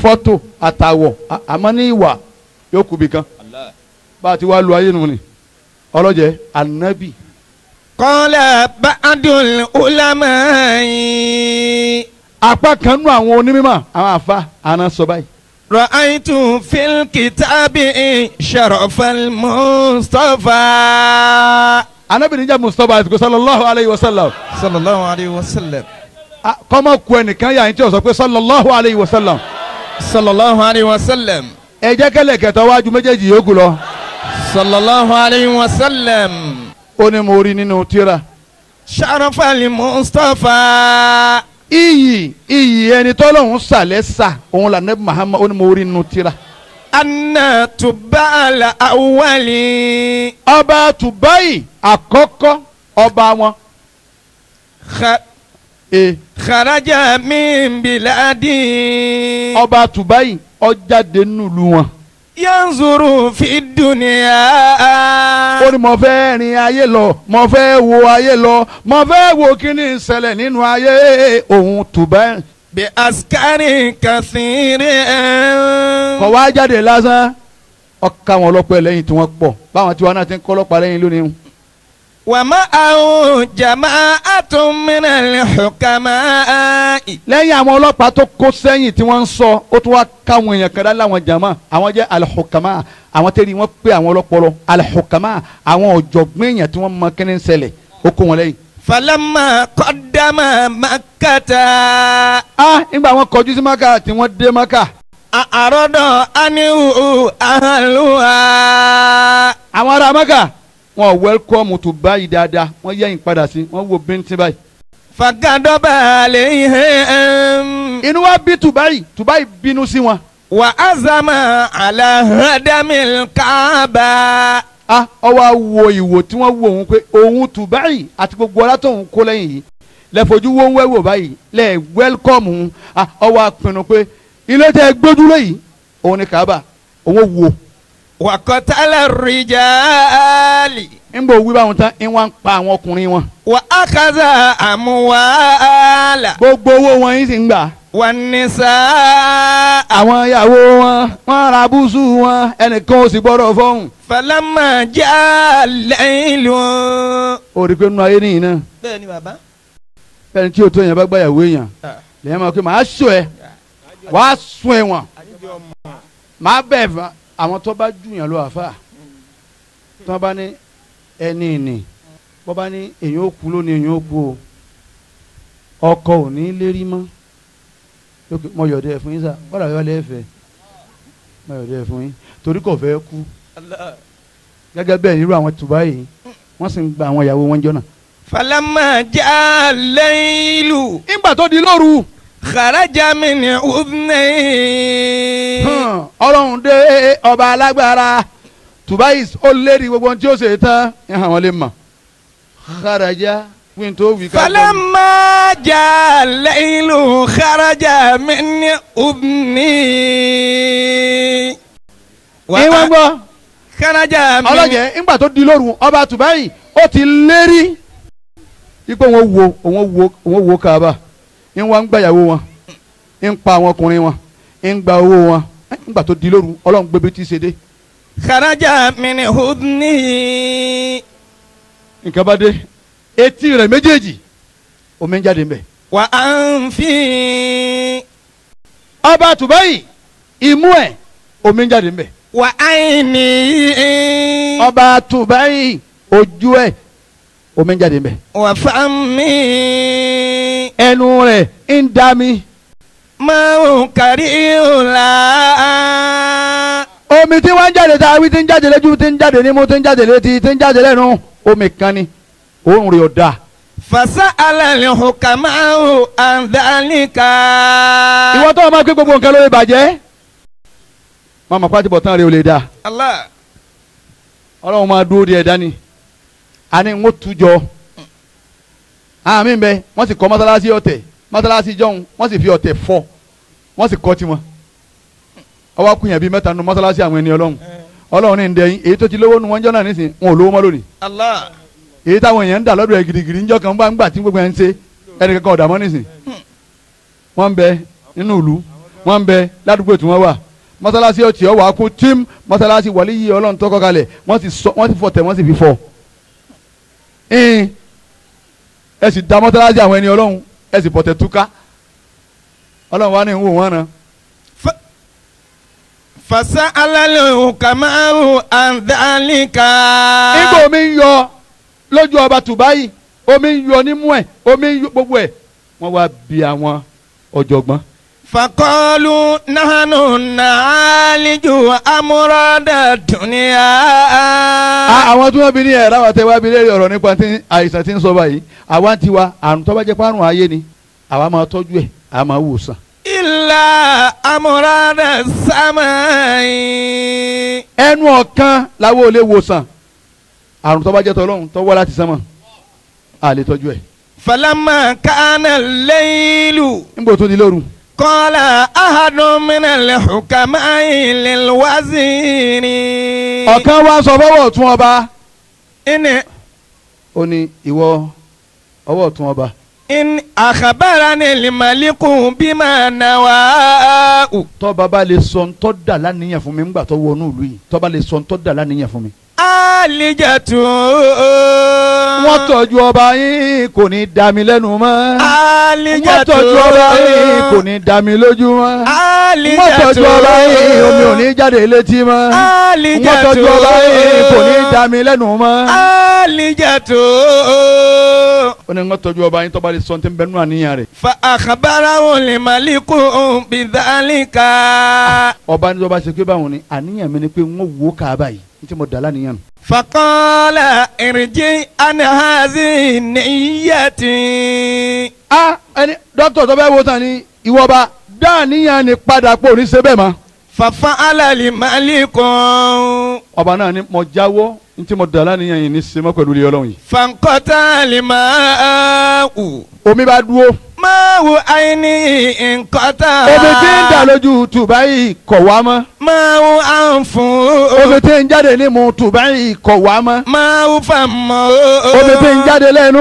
fọ́tò àtàwọ̀ àmọ́ ní ìwà yóò kú bìkan bá a ti wá lu ayé nu ni ọlọ́jẹ̀ anabi. kọ́lá bàdùn ulama yìí. apá kan nù àwọn onímọ̀ àwọn àfa àná sọ báyìí رأيت في الكتاب شرف المصطفى anabi níjà mustapha àti sallallahu alayhi wa sallam. sallallahu alayhi wa sallam. kọ́mọ ku ẹnìkan yà ń tí o sọ pé sallallahu alayhi wa sallam. sallallahu alayhi wa sallam. ẹ jẹ́ kẹ́lẹ̀ kẹta wájú méjèèjì yòókù lọ. sallallahu alayhi wa sallam. ó ní mo rí nínú tírà. sharafali mustapha iyì iyì ẹni tọ́lọ́hún sàlẹ̀ sà òun là ní Muhammad onímọ̀ọ́rí nù tira. anna tubala awali. ọba tubayi àkọ́kọ́ ọba wọn. Kha, e. kharaja min biladi. ọba tubayi ó jáde nùlù wọn yanzuru fi dunya. ó ní mo fẹ́ rin ayé lọ mo fẹ́ wo ayé lọ mo fẹ́ wo kí ìṣẹ̀lẹ̀ nínú ayé òun tùbẹ́. bí askari kàṣírí ẹ̀. kọ̀ wá jáde lásán ọkà wọn lọ́pọ̀ ẹ̀ lẹ́yìn tí wọ́n pọ̀ báwọn tiwa náà ti ń kọ́ lọ́pàá lẹ́yìn lónìí. ومعه جماعة من الحكماء. lẹ́yìn àwọn ọlọ́pàá tó kó sẹ́yìn tí wọ́n ń sọ ó tún wá káwọn èèyàn kan láwọn jama àwọn jẹ́ alihukama àwọn tẹ́lẹ̀ wọ́n pé àwọn ọlọ́pọlọ alihukama àwọn ọ̀jọ̀gbọ́n èèyàn tí wọ́n mọ kíni ṣẹlẹ̀ ó kó wọn lẹ́yìn. falama kọ́dámà makata. a nígbà wọn kọjú sí maka tí wọ́n dé maka. àròdọ̀ anihu ahaluwa. àwọn ará maka wọn wẹ́lkọ́mù tó báyìí dáadáa wọ́n yẹ̀yìn padà sí wọ́n wo bíntín báyìí. fàgàdọ́bà lè hẹ́. inú wa bí tùbáyì tùbáyì bínú sí wọn. wà á zàmà àlàhàdàmì kábà. a ọwọ́ awo ìwò tí wọ́n wo òun pé òun tùbáyì àti gbogbo ọlá tóun kó lẹ́yìn yìí lẹ́fojú wo ń wẹ́wò báyìí lẹ́ wẹ́lkọ́mù ọwọ́ apinnu pé ilé tẹ́ gbójúlé yìí òun ni kábà òun wo wàkọ́tàlá rìjàálì. ń bò wí báwọn tán ń wá ń pa àwọn ọkùnrin wọn. wà á kàdà àmúwàálà. gbogbo owó wọn yìí sì ń gbà. wà ní sáà. àwọn ìyàwó wọn wọn ra búùsù wọn ẹnìkan ò sì gbọ́dọ̀ fọ́hùn. fàlámà já lẹ́yìn o rí i pé ayé nìyí náà. bẹ́ẹ̀ ni bàbá. bẹ́ẹ̀ni tí o tó yẹn bá gbàyàwó èèyàn ah. lẹ́yìn máa pé màá sọ ẹ wàá sún ẹ wọn màá bẹ́ẹ̀ fà àwọn tó bá jùyàn lọ àfa tó bá ní ẹni ìní bó bá ní èyàn ó kú lónìí èyàn ó kú o ọkọ ò ní lérí mọ́ mo yọ̀dẹ̀ fún yín sá wọ́n làwọn yọ̀dẹ̀ fẹ́ mo yọ̀dẹ̀ fún yín torí kò fẹ́ kú gẹ́gẹ́ bẹ́ẹ̀ nírú àwọn tùbá yìí wọ́n sì ń gba àwọn ìyàwó wọn jọ náà. falama jà lẹ́yìn ìlú. ìgbà tó di lóru kharaja min udhnayn. Hmm, ọlọ́run dé ọba alágbára tubais ó lérí gbogbo tí ó ṣe tán ẹ hàn wọ́n lè mọ̀ kharaja wíńd tó wí ká. falamma ja laylu kharaja min udhni. ìwọ́n gbọ́. kharaja min. ọlọ́jẹ̀ ńgbà tó di lóru ọba tubai ó ti lérí. ipò wọn wo wọn wo wọn wo kaba ń wá ń gbàyàwó wọn ń pa àwọn ọkùnrin wọn ń gba owó wọn nígbà tó di lóru ọlọ́run gbé bí tí ṣe dé. kàrájà mini hudni. nǹkan bá dé etí rẹ̀ méjèèjì omi ń jáde ń bẹ̀. wà á ń fi. ọba àtùbáyì imú ẹ̀ omi ń jáde ń bẹ̀. wà á ń ní. ọba àtùbáyì ojú ẹ̀ omi ń jáde mbẹ. wà fà mí. ẹnu rẹ̀ ń dá mi. máa ń kárí ìhùlà. omi tí wọ́n ń jáde tá a wí tí ń jáde lójú tí ń jáde nímú tí ń jáde létí tí ń jáde lẹ́nu omi kan ni òun rè ọ̀dà. fàṣà alàlẹ́ hùkàmáhù àǹdálíkà. ìwọ tó o máa gbé gbogbo nǹkan lórí ìbàjẹ́ máa mọ̀ pátì bọ̀ tán rè o lè dà. Allah. ọlọ́run máa dúró di ẹ̀dá ni. Ani ń tu jọ àmì ah, bẹ wọ́n sì kọ́ mọ́sálásí ọ̀tẹ̀ mọ́sálásí jọ̀hún wọ́n sì fi ọ̀tẹ̀ fọ́ wọ́n sì kọ́ tiwọn ọwọ́ kùnyàn bi mẹ́ta nu mọ́sálásí àwọn ẹni ọlọ́run ọlọ́run ní ndẹ́yìn èyí tó ti lówó nu wọ́n jọ́ náà nísìn wọn ò lówó mọ́ lónìí èyí táwọn èèyàn ń dà lọ́dọ̀ ẹ̀ gidigidi ńjọ́ kan bá ń gbà tí gbogbo ẹ̀ ń ṣe ẹnì kankan ọ̀dà mọ́ nísìn wọ́n ń bẹ nínú ìlú wọ́n ń bẹ ládùúgbò tí wọ́n wà mọ́sálásí ọ̀tí ọ̀wà kú tím mọ́sálásí wàlíyí ọlọ́run tọ́kọ kalẹ̀ wọ́n sì fi fọ̀ ẹ eh. ẹ sì da mọ́tàlájì àwọn ẹni ọlọ́run ẹ sì bọ̀tẹ̀ túká ọlọ́run wa ni ń wò wọ́n ran. fasa alálẹ̀ kàmáàrù àdáníkà. nígbà omi ń yọ lójú ọba tùbáyì omi ń yọ nímú ẹ̀ omi ń yọ gbogbo ẹ̀ wọ́n wá bí àwọn ọ̀jọ̀gbọ́n فقالوا نحن نعالج أمراض الدنيا. àwọn tí wọ́n bi ní ẹ̀rọ àwọn tẹ́wọ́ bi lérí ọ̀rọ̀ nípa àìsàn tí ń sọ báyìí àwa ti wa àrùn tó bá jẹ́ párùn ayé ni àwa máa tọ́jú ẹ̀ àwa máa wò sàn. ilà amúradà sámàáyì. ẹnu ọ̀kan làwọn ò wò sàn àrùn tó bá jẹ́ tọ́lọ́run tó wá láti sánmọ̀ à lè tọ́jú ẹ̀. tó di lóru. قال أحد من الحكماء للوزير ọ̀kan wá sọ fọwọ́ ọ̀tún ọba. ìní. ó ní ìwọ ọwọ́ ọ̀tún ọba. in akhbarani limaliku bima nawa'u. tọ́ba bá lè sọ ń tọ́ dà lánìyàn fún mi ńgbà tó wọnú ìlú yìí tọ́ba lè sọ ń tọ́ dà lánìyàn fún mi àlìjàtún. wọ́n tọ́jú ọba yín kò ní dá mi lẹ́nu mọ́. àlìjàtún. wọ́n tọ́jú ọba yín kò ní dá mi lójú mọ́. àlìjàtún. wọ́n tọ́jú ọba yín omi ò ní jáde létí mọ́. àlìjàtún. wọ́n tọ́jú ọba yín kò ní dá mi lẹ́nu mọ́. àlìjàtún. ó ní wọ́n tọ́jú ọba yín tọ́ba lè sọ ní bẹ́ẹ̀ nù àníyàn rẹ̀. fa àkàbàrà wọn lè má lè kó bìdálì ká. ọba ní tọ́ba ṣe pé báwọn ni àníyàn mi ni pé wọ́n wò ó kà n tí mo dà lánìyàn. fakọ́lá ìrìnjì anahazi nìyẹtì. a ẹni dókítà tó bẹ́ẹ̀ wo tán ni ìwọba dáàníyàn ni padà pò ní sebẹ̀ ma. fàfà alàlì màálì kan. ọba náà ni mo jáwọ́ n mo dala lánìyàn yìí ní sèmọ́ pẹ̀lú ilé ọlọ́run yìí. fankọ́tà lè máa omi bá dúró máa wo àìní nǹkan tá a. omi tí ń dà lójú tùbá yìí kọ̀ wá mọ́. máa wo àǹfùn o. omi tí ń jáde nímú tùbá yìí kọ̀ wá mọ́. máa wo fàmọ́ o. omi tí ń jáde lẹ́nu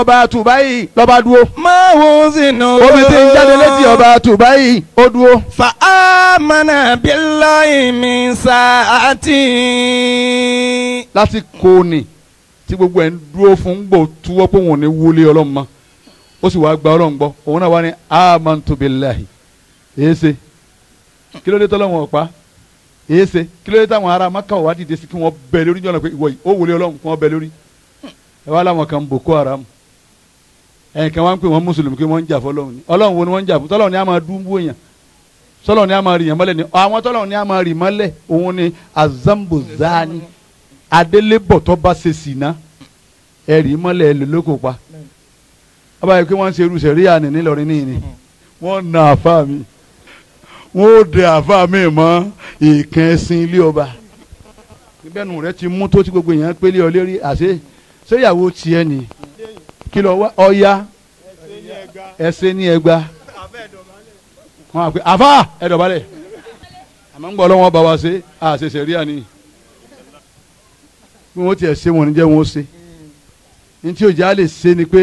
ọba tùbá yìí lọ́ba dúró. máa wo zinu o. omi tí ń jáde létí ọba tùbá yìí ó dúró. fa amana billahi min saati. lásìkò ni tí gbogbo ẹ̀ ń dúró fún gbò túwọ́ pé wọn ní wọlé ọlọ́mọ ó sì wá gba ọlọ́run gbọ́ òun náà wá ní amantu billahi èéṣe kí ló dé tọ́lọ́wọ̀n ọ̀pá èéṣe kí ló dé táwọn ará maka wà dìde sí kí wọ́n bẹ lórí jọ̀nà pé ìwọ yìí ó wòlé ọlọ́run kí wọ́n bẹ lórí ẹ wá láwọn kan boko haram ẹ̀yìn kan wá ń pè wọ́n mùsùlùmí kí wọ́n ń jà fọlọ́run ni ọlọ́run wo ni wọ́n ń jà fún tọ́lọ́run ni a máa dún bóyá tọ́lọ́run ni a máa rì yàn mọ́lẹ̀ ni àwọn tọ́lọ́run ni a máa rì mọ́lẹ̀ òun ni azambozani adélébọ̀tọ́ bá ṣe sì ná ẹ̀rì mọ́lẹ̀ ẹ̀ lólókò pa ọba yìí pé wọ́n ń ṣe irú sẹ̀ríyà ní nílọrin ní ìní wọ́n na àfa mi wọ́n ó de àfa mi mọ́ ìkẹ́sìn ilé ọba bẹ́ẹ̀nu rẹ ti mú tó ti gbogbo èèyàn pélé ọ lérí àṣé ṣéyàwó tiẹ̀ ni kí lọ wá ọya ẹsẹ ní ẹgba wọn àpè àfa ẹdọ̀bálẹ̀ àmọ́ ń gbọ́ lọ́wọ́ bá wa ṣe àṣẹ sẹ̀ríyà ni bí wọ́n tiẹ̀ ṣe wọn ní jẹ́ wọn ó ṣe ní tí òjá lè ṣe ni pé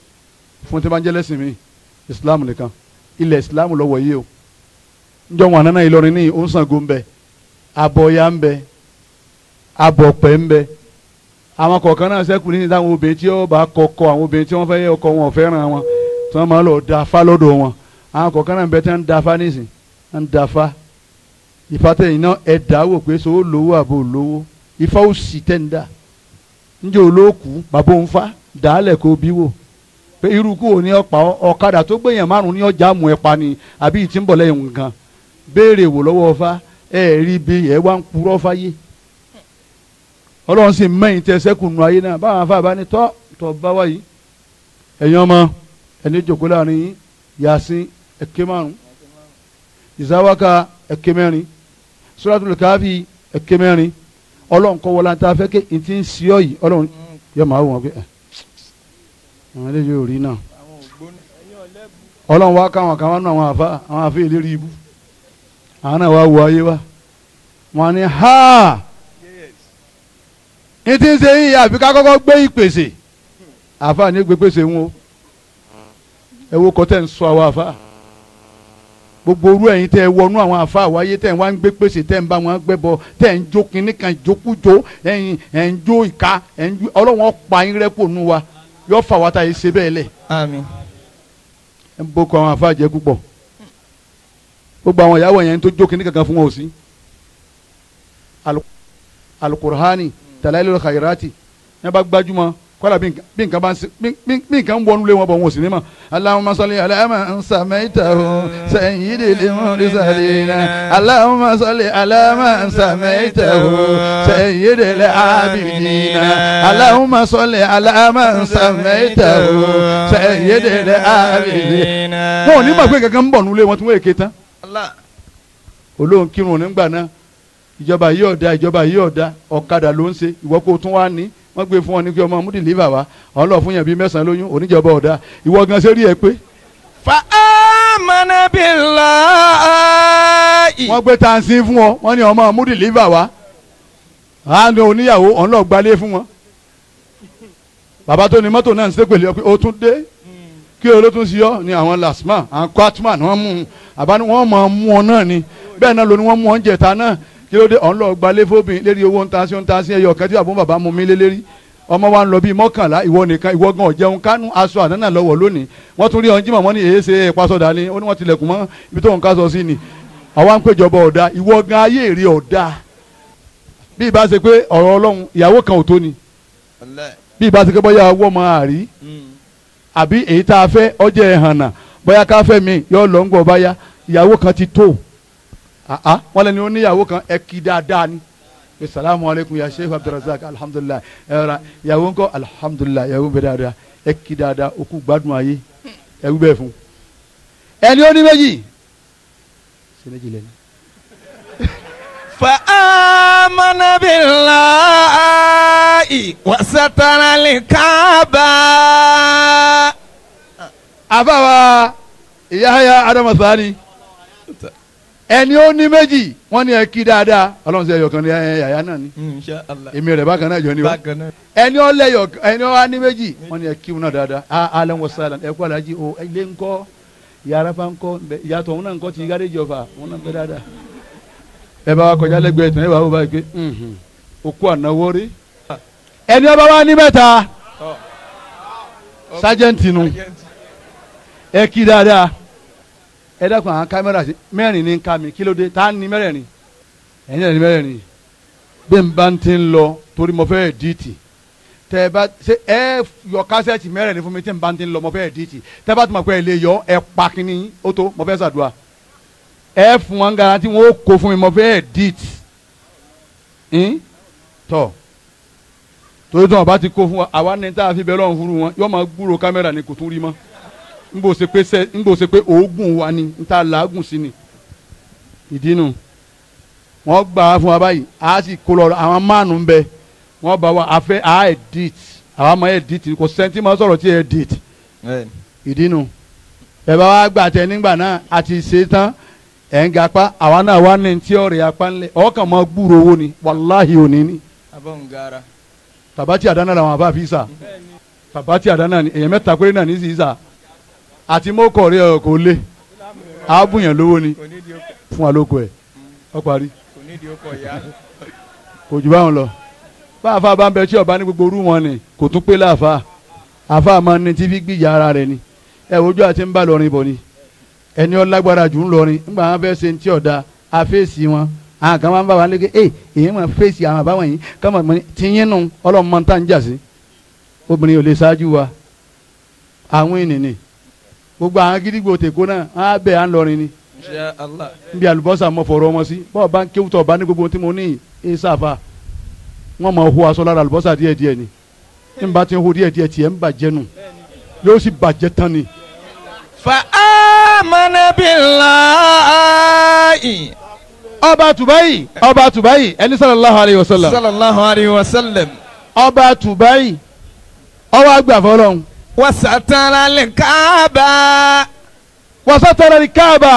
fún tí wọ́n jẹ́ lẹ́sìn mi islam nìkan ilẹ̀ islam lọ́wọ́ yìí o njọ́ wọn àná Ìlọrin ní òǹsàngó ń bẹ abọ́yá ń bẹ abọ́pẹ́ ń bẹ àwọn kọ̀ọ̀kan náà sẹ́kù ní ìdáhùn obìnrin tí ó bá kọ́kọ́ àwọn obìnrin tí wọ́n fẹ́ yẹ ọkọ wọn fẹ́ràn wọn tí wọ́n máa lọ dafa lọ́dọ̀ wọn àwọn kọ̀ọ̀kan náà ń bẹ tí wọ́n ń dafa nísìn ń dafa ìfàtẹ́ iná ẹ̀dá wò pé so ó lówó àbò lówó ifá ó sì tẹ́ ń dà ń jẹ́ olóòkú bàbá òun fa dàálẹ̀ kó bí wò pé irú kú òní ọ̀pá ọ̀kadà tó gbẹ̀yàn márùn ní ọjà mú ẹ pa ni àbí ìtì ń bọ̀ lẹ́yìn nǹkan béèrè wò lọ́wọ́ ọfá ẹ rí bí ẹ wá ń purọ́ fáyé ọlọ́run sì mẹ́yìn tẹ sẹ́kùnù ayé náà báwọn afá bá ní tọ́ tọ́ bá wáyé ẹ̀yin ọmọ ẹni jòkó láàrin yasin ẹ̀kẹ́ márùn ìsáwáka ẹ̀kẹ́ mẹ́rin suratul káfí ẹ̀kẹ́ mẹ́rin ọlọ́run kọ́ wọlé àwọn eléyìí ò rí náà ọlọ́run wá káwọn kan wá nù àwọn àfa àwọn àfi ìlérí ibú àwọn náà wá wo ayé wa wọn ni ha ní ti ń ṣe yín àfi ká kọ́kọ́ gbé ìpèsè àfa ní gbé pèsè ń wo ẹ kọ kọ́tẹ́ ń sọ àwọn àfa gbogbo orú ẹ̀yin te wọnú àwọn àfa àwáyé tẹ́ ẹ wá ń gbé pèsè tẹ́ ń bá wọn bọ tẹ́ ń jó kan pa yín yọ fà wá ta yìí ṣe bẹ́ẹ̀ lẹ̀. àmín. ẹ ń boko àwọn àfa jẹ púpọ̀ gbogbo àwọn ìyàwó yẹn tó jókè ní kankan fún wọn ò sí. alukurhani talayilul khairati ní a bá gbajúmọ̀ kọ́lá bí nǹkan bá ń bí nǹkan ń wọnú lé wọn bọ̀ wọn ò sì ní mọ̀. Allahumma salli ala man samaitahu sayyidil mursalina. Allahumma salli ala man samaitahu sayyidil abidina. Allahumma salli ala samaitahu sayyidil abidina. wọn ò ní mọ̀ pé kankan ń bọ̀ nulẹ̀ wọn tí wọ́n èké tán. olóhùn kírun nígbà náà ìjọba yìí ọ̀dà ìjọba yìí ọ̀dà ọ̀kadà ló ń ṣe ìwọ́kọ̀ tún wá ní wọ́n gbé fún ọ ní kí ọmọ mú dìlíbà wá ọ̀n lọ fún yàn bíi mẹ́sàn-án lóyún oníjọba ọ̀dà ìwọ gan ṣe rí ẹ pé. fa amana billahi. wọ́n gbé tansi fún ọ wọ́n ní ọmọ mú dìlíbà wá àánú oníyàwó ọ̀n lọ gbalé fún wọn. bàbá tó ní mọ́tò náà ń ṣe pèlè ọ pé o tún dé kí o ló tún sí ọ ní àwọn lasma àwọn kwatman wọ́n mú un àbá ni wọ́n mọ̀ ọ́n mú ọ náà ni bẹ́ẹ̀ náà ló ní mú ọ ń jẹ̀ta náà kí ló dé ọ̀n lọ gba léfóbìn lérí owó ntaasi ntaasi ẹyọ kẹtí àbọ̀ bàbá mu mi lé lérí ọmọ wa ń lọ bíi mọ́kànlá ìwọ nìkan ìwọ gan ọ̀jẹun kánú aṣọ ànánà lọ́wọ́ lónìí wọ́n tún rí ọ̀njí màmọ́ ní ibi tó ń sí ni àwa ń péjọba ọ̀dà ìwọ gan ayé rí ọ̀dà bí kan ò tó ni bí ṣe pé bọ́yá owó hmm. àbí èyí tá a fẹ́ mi yọ Ah, ah. wọ́n lẹ́ni oníyàwó kan ẹ dáadáa ni salamu aleykum ya sheikh abdulrasaq alhamdulilah ẹ̀rọ yàwó ńkọ́ alhamdulilah yàwó bẹ dáadáa ẹ kí dáadáa ó kú gbádùn ayé ẹ wí bẹ́ẹ̀ fún. ẹni ó ní méjì ṣe méjì lẹ́nu. fa amana billahi wasatara li kaaba. àbáwá ìyá ya adamasani ẹni ó ní méjì wọ́n ní ẹ kí dáadáa ọlọ́run sẹ ẹyọkan ní ẹ yàyà náà ni èmi rẹ bákan náà jọ ni o ẹni ó lẹyọ ẹni ó wá ní méjì wọ́n ní ẹ kí wọn náà dáadáa alẹ́ wọn sálà ẹ kó alájí o ilé ńkọ́ yàrá bá ńkọ́ yàtọ̀ wọn náà ńkọ́ ti gárẹ́jì ọ̀fà wọn náà bẹ dáadáa ẹ bá wa kọjá lẹ́gbẹ̀ẹ́ tán ẹ bá wọ báyìí pé okú ànáwó rí ẹni ọba wa ní mẹ́ta sájẹ́ǹtì nu ẹ kí dáadáa ẹ dákun àwọn kámẹ́rà mẹ́rin ní ká mi kí ló dé ta ni mẹ́rẹ̀ẹ̀rin ẹ̀yin ẹ̀rin mẹ́rẹ̀ẹ̀rin bí n bá ti ń lọ torí mo fẹ́ ẹ̀díìtì tẹ ẹ bá ṣe ẹ yọ kásẹ̀tì mẹ́rẹ̀ẹ̀rin fún mi tí n bá ti ń lọ mo fẹ́ ẹ̀díìtì tẹ bá ti mọ̀ pé ẹ lè yọ ẹ pa kínní ó tó mo fẹ́ ṣàdúrà ẹ fún wọn garanti wọn ó kó fún mi mo fẹ́ ẹ̀díìtì tọ́ torí tí wọn bá ti kó fún wa àwa ní tá a fi bẹ́ẹ̀ lọ́run fún wọn yọ ni kò tún ńgbò ṣe oògùn wa ni ń làágùn ni ìdínú wọn gbà fún a sì kó lọ àwọn márùn-ún bẹ wọ́n bá wa edit àwọn ọmọ edit kò sẹ́ńtì máa sọ̀rọ̀ tí edit ìdínú ẹ wa gbà tẹ nígbà náà a ti ẹ̀ ń ga apá àwa náà wà ní tí ọ̀rẹ́ apá ńlẹ̀ ni wàláhì òní ni. adana làwọn àbá fi sà adana èèyàn mẹ́ta péré náà ní àti mọ́kọ̀ rẹ ọ̀ kò lé àábùyàn lówó ni fún alóko ẹ̀ ọ parí kò jù báwọn lọ bá àfa bá ń bẹ tí ọba ní gbogbo orú wọn ni kò tún pé láàfa àfa máa ní tí fi gbìyà ara rẹ ni ẹ ojú àti ń bá lọrin bọ̀ ni ẹni ọ lágbára jù ń lọrin nígbà wọn fẹ́ ṣe ní tí ọ̀dà àfẹ́sì wọn àwọn kan máa ń bá wa léke ẹ èyí máa fèsì àwọn àbáwọn yìí kọ́mọ mọ tiyín nu ọlọ́mọ tá ń jà sí obìnrin ò lè ṣáájú wa àwọn ènìyàn gbogbo àwọn gidigbo tèkó náà á bẹ̀ à lọrin ni. n bí alùbọ́sà mọ fọ̀rọ̀ wọn sí bọ́ọ̀ bá ń kéwútọ̀ bá ní gbogbo tí mo ní í sàfà wọn mọ̀ hu aṣọ lára alùbọ́sà díẹ̀ díẹ̀ ni n bá ti hu díẹ̀ díẹ̀ tiẹ̀ ń bàjẹ́ nù yóò sì bàjẹ́ tán ni. fa amanabilayi ọba tubayi ọba tubayi ẹni sallallahu alayhi wa sallam sallallahu alayhi wa sallam ọba tubayi ọwọ́ àgbà wasatara lè káàbà. wasatara lè hmm. káàbà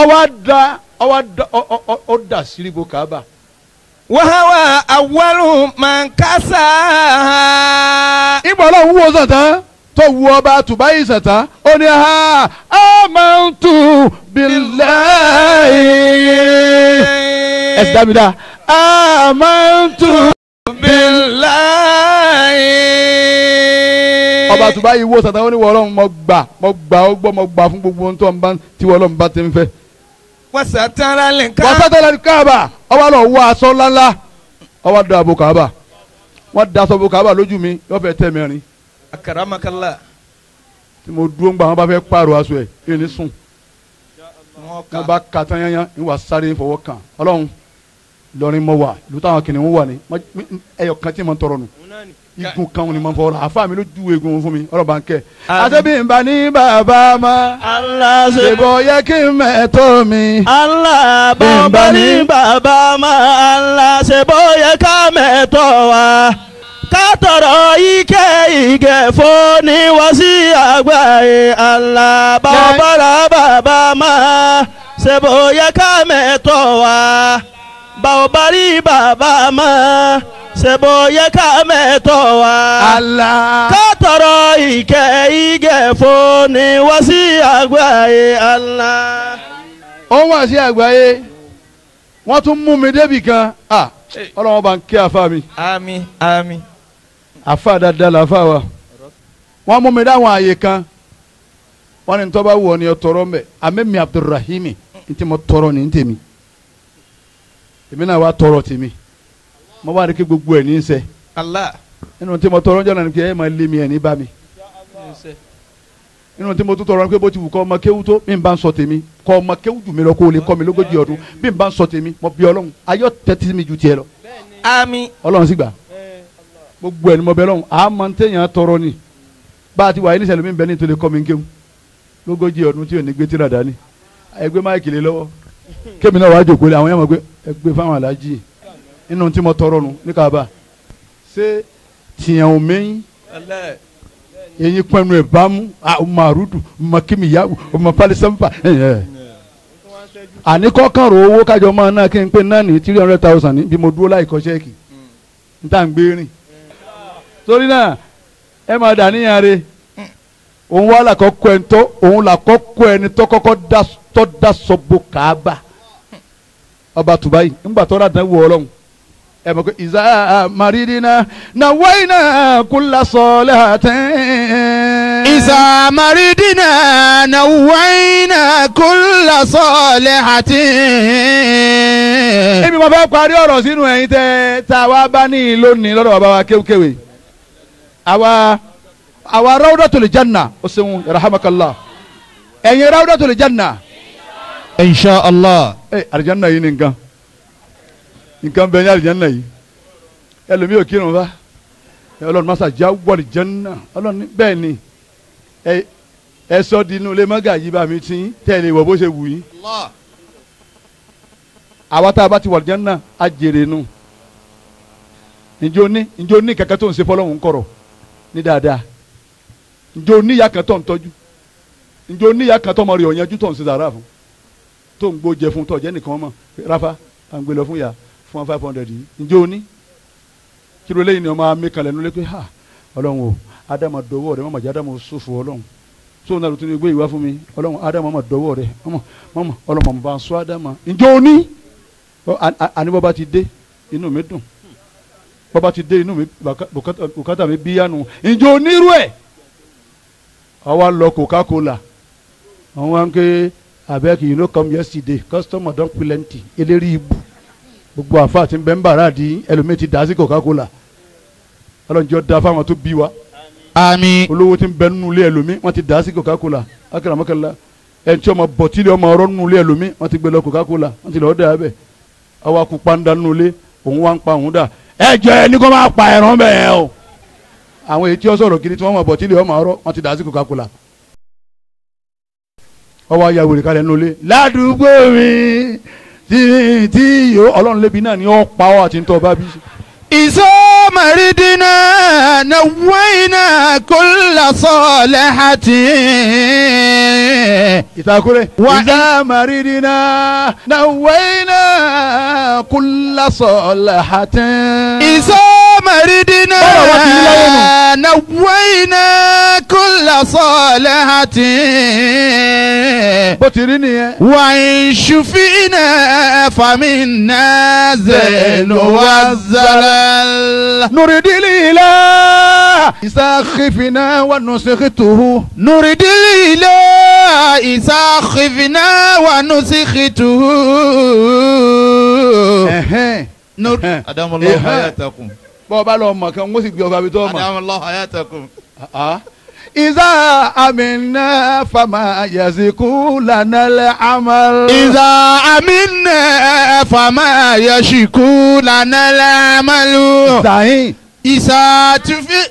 ọwọ́ da ọwọ́ da ọ da síríbo káàbà. wàhálà awọ́rù mọ̀nkásá. ìgbà ọlọ́run wúwo sàtán tó wu ọba tùbáyì sàtán ó ha amantu billahi. ẹ amantu billahi. ọba àtúbá yìí wo sàtàwọn oníwọ̀ ọlọ́run mo gbà mo gbà ó gbọ́ mo gbà fún gbogbo ohun tó ń bá tí ọlọ́run bá ti ń fẹ́. wasatara lè ká. wasatara lè káàbà ọba lọ wọ aṣọ ńláńlá ọba dọ àbò káàbà wọn da aṣọ àbò káàbà lójú mi yóò fẹ́ tẹ́ mẹ́rin. akaramakala. tí mo dúró ń gbà wọn bá fẹ́ pààrọ̀ aṣọ ẹ̀ ẹ̀ ní sùn. wọn bá kàtàn yányán ń wà sáré fọwọ́ lọrin mọ wa lùtọ́ àwọn kìnìún wà ní ẹyọ kan tí mo tọrọ nù igun kan ni mo fọwọ́ra àfa mi ló ju egun fún mi ọ̀rọ̀ bá ń kẹ́. àtẹ̀bí ń bá bàbá ma. Allah ṣe bọ̀ yẹ kí n mẹ́tọ́ mi. Allah bọ̀ bá ní bàbá ma. Allah ṣe bọ̀ yẹ ká mẹ́tọ́ wa. ká tọrọ ike ìgẹ̀ fún ní wá sí àgbáyé. Allah bọ̀ bọ̀ra bàbá ma. ṣe bọ̀ yẹ ká mẹ́tọ́ wa bá ò bá rí bàbá mọ́ ṣèbò yẹ ká mẹ́tọ̀ wá. Allah. ká tọrọ ìkẹ́ ìgẹ̀ fóni wá sí àgbáyé Allah. ó wà sí àgbáyé wọ́n tún mú mi débì kan ah, ọlọ́wọ́n bá ń kí àfa mi. àmín àmín. àfa dáadáa làfa wa wọ́n mú mi dáhùn àyè kan wọ́n ní tọ́ bá ni ọ tọrọ mbẹ́ amẹ́mi Abdulrahimi ntí mo tọrọ ní ntẹ̀mí èmi náà wá tọrọ tèmi mo wá rí kí gbogbo ẹ̀ ní í ṣe nínú tí mo tọrọ jọ̀nà ni pé ẹ máa lé mi ẹ̀ ní bá mi nínú tí mo tún tọrọ ni pé bó ti wù kọ́ ọmọ kéwú tó mi bá ń sọ tèmi kọ́ ọmọ kéwú jù mí lọ kó o lè kọ́ mi lógójì ọdún mi bá ń sọ tèmi mo bí ọlọ́run ayọ́ tẹ́tí mi ju tiẹ̀ lọ. àmín. ọlọ́run sì gbà gbogbo ẹ̀ ni mo bẹ lọ́run àmọ́ ń tẹ̀yàn tọrọ ni bá a ti wà yín níṣẹ́ lómi ń bẹ ní ìtòlẹ́ kọ́ mi kéwú lógójì ọdún tí ò ní gbé tíra dání ẹgbẹ́ máìkì lé lọ́wọ́ kémi náà wàá jòkó lé àwọn yẹn mọ̀ pé ẹ gbé fáwọn aláàjì nínú tí mo tọrọ nu ní kaaba ṣé tiẹ̀n ò mẹ́yìn ẹ̀yin pẹ̀lú ẹ̀ bámu ọmọ àrùdù ọmọ kìmìyàwó ọmọ palisampa àní kọ́kàn owó kájọ máa ná kí n pé náà ní three hundred thousand bí mo dúró láì kọ́ ṣẹ́ẹ̀kì n tà ń gbé rìn torí náà ẹ máa dà níyàn re òun wà lákọ̀ọ́kọ́ ẹni tó òun làkọ́kọ́ ẹni tó kọ́kọ́ dá sọ́gbó kàá bà ọba tùbáyì ńgbà tó rà dánwò ọlọ́run ẹ mọ̀ pé ìzá maridina na wáyìnà kúlá sọ̀lá tẹ́ẹ̀n. ìzá maridina na wáyìnà kúlá sọ̀lá tẹ́ẹ̀n. èmi máa fẹ́ parí ọ̀rọ̀ sínú ẹ̀yin tẹ́ tá a wá bá ní lónìí lọ́dọ̀ bàbá wa kéwkéwé àwa àwa ráúdà tó lè jẹ́ nà ó ẹ̀yin ráúdà tó insha allah ẹ eh, alijanna yìí ni nǹkan nǹkan bẹ ní alijanna yìí ẹlòmí ò kírun fa ọlọ́run masa já wọlé janna ọlọ́run bẹ́ẹ̀ ni ẹ ẹ sọ di inú ilé mọ́gà yìí bá mi ti tẹ̀lé wọ bó ṣe wù yín àwa tá a bá ti wọlé janna a jèrè nu njó ní njó ní kankan tó ń ṣe fọlọ́hún kọ̀rọ̀ ní dáadáa njó níyà kan tó ń tọ́jú njó níyà kan tó ń mọ̀ rí ọ̀yanjú tó ń ṣe sàrà fún tó ń gbó jẹ fún tọ́ jẹ́ nìkan mọ̀ ráfa à ń gbé lọ fún yà fún five hundred yìí ǹjẹ́ o ní kí ló ni ọmọ amẹ́kànlẹ̀ nulẹ̀ pé ha ọlọ́run o ádámà dọwọ́ rẹ mọ̀mọ́ jẹ́ ádámà sófo ọlọ́run tó ń nàlùtún ní gbé ìwá fún mi ọlọ́run ádámà mọ̀ dọwọ́ rẹ mọ̀mọ́ ọlọ́run bá ń sọ ádámà ǹjẹ́ o ní àníbọ̀ bá ti dé inú mi dùn bọ́ bá ti dé inú mi bùkátà mi bíyánu ǹjẹ́ onírú ẹ̀ àwa lọ coca cola àwọn ń ké abeg you no come yesterday customer don plenty eléri ibu gbogbo àfa àti bẹ́ńbàrà di ẹlòmíì ti dà sí coca-cola ọlọ́njọ́ da fáwọn tó bí wa àmín olówó ti bẹ nínú ilé ẹlòmíì wọ́n ti dà sí coca-cola akẹ́rọ̀mọ́kẹ́lá ẹni tí ọmọ bọ̀tílì ọmọ ọ̀rọ̀ nínú ilé ẹlòmíì wọ́n ti gbé lọ coca-cola wọ́n ti lọ́ọ́ dà bẹ́ẹ̀ àwa kú pàǹdà nínú ilé òun wá ń pa òun dà ẹ ẹ ní kó máa pa ẹ̀rọ bẹ́ẹ̀ o àwọn èyí tí kiri tí wọ́n mọ̀ bọ̀tílì ọmọ ọ̀rọ̀ wọ́n ti dà sí coca-cola wọ́n wá ya wèrè kalẹ̀ nulẹ̀ ládùúgbò mi tí tí yòó ọlọ́run lébi náà ni ó pa ọ́ àti ntọ́ bá bí. ìsọmọrídìínà nàwọ́ìnà kò lásọ̀ lẹ́hàtì. ìtàkùrẹ́ ìsọmọrídìínà nàwọ́ìnà kò lásọ̀ lẹ́hàtì. ìsọmọrídìínà nàwọ́ìnà kúlà sọ̀lẹ̀ àti. bó ti rí nìyẹn. wà ìṣùfínà fàmínà zẹ̀lú wà zàlẹ̀. nùrìdìlì ilẹ̀. ìsàkìfínà wà nùsìkìtù. nùrìdìlì ilẹ̀ ìsàkìfínà wà nùsìkìtù. ẹ̀hẹ́n. adamu lọ́wọ́ ayé àtàkùn. bọ́ọ̀ bá lọ mọ̀ kí wọ́n sì gbé ọba bí tó mọ̀. adamu lọ́wọ́ ayé àtàkùn. إذا أمنا فما يزيق لنا العمل إذا أمنا فما يشيق لنا العمل إذا تفي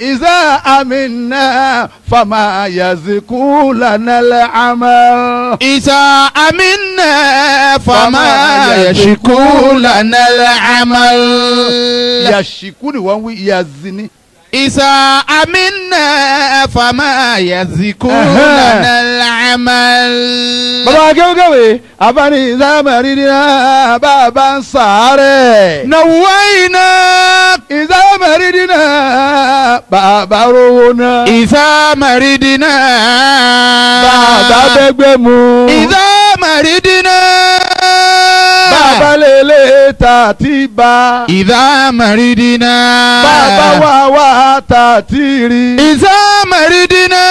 إذا أمنا فما يزيق لنا العمل إذا أمنا فما يشيق لنا العمل يشيق ni wọ́n wí yazini isa aminna fama yaziku lana amal. Baba akéwékèwé abani ìzámẹ̀rìndínlá bàbá ń sàárẹ̀. nàwó iná. ìzámẹ̀rìndínlá bàbá rówó náà. ìzámẹ̀rìndínlá. bàbá bẹ́gbẹ́ abalẹ̀ lè ta ti ba. ìdá màrídìínà. bàbá wa wà ta ti rí. ìdá màrídìínà.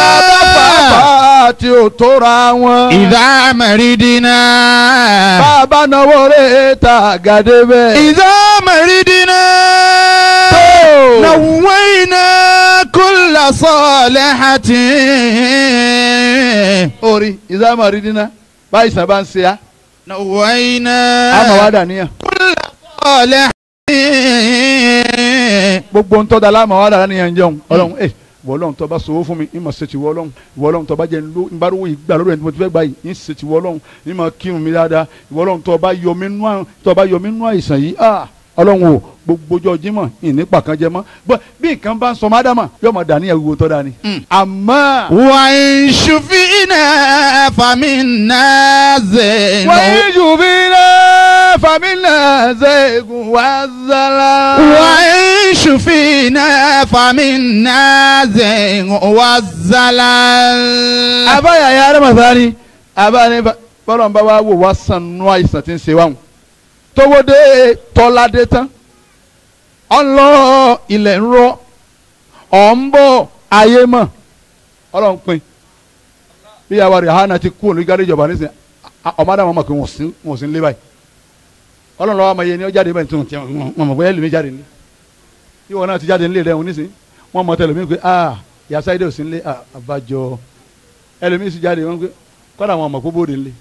bàbá bàbá tí ò tóra wọn. ìdá màrídìínà. bàbá náwó rè ta gàdé bẹ́ẹ̀. ìdá màrídìínà. tó nàwọ̀nyìnà kúlà sọ̀lẹ̀ hàtì. orí ìdá màrídìínà báyìí nàwáyínà. a máa wá dàníyàn. kúlẹ̀ gbogbo ntọ́ da la máa wá dàníyàn jẹun ọlọ́run ẹ̀ wọlọ́n tọ́ bá sọ̀wọ́ fún mi ní ma ṣètì wọlọ́n wọlọ́n tọ́ bá jẹ nló n bá rówó ìgbà lórí ẹni tó fẹ́ gbà yìí ní ṣètì wọlọ́n ní ma kírun mi dáadáa wọlọ́n tọ́ bá yọ mí nú àìsàn yìí ah ọlọ́run o gbogbo ọjọ́ jímọ̀ ìnípa kan jẹ mọ́ bọ́ bí nǹkan bá ń sọ máa dámọ̀ yóò mọ̀ dání ẹ̀wù tó dání. Hmm. àmọ́. wà á ṣùfì náà fàmí náà zègùn. wà wà á zàlà. wà á ṣùfì wà á zàlà. yàrá màsá ni ni bọ́lọ̀ ń bá wa wò wá sànú àìsàn tí ń ṣe wáhùn tówódé tọ́ládé tán ọlọ́ ilẹ̀ ń rọ ọ̀ ń bọ̀ ayé mọ̀ ọlọ́run pin bí yàrá rẹ̀ hànà ti kú òní gádé ìjọba nísìnyí ọmọ àdàmọ́ mọ̀ pé wọ́n sí wọ́n sí ń lé báyìí ọlọ́run lọ́wọ́ ọmọ yẹn ni ó jáde bẹ́ẹ̀ tuntun tiẹ̀ wọ́n mọ̀ bóyá ẹlòmíì jáde ní ìwọ náà ti jáde nílé rẹ̀ nísìnyí wọ́n mọ̀ tẹlẹ̀mí pé ah yàtọ̀ ìdè òsínlé ah, àbájọ ẹlòmíì sì jáde wọ́n pé kọ́dà wọn mọ̀ kó bóde nílé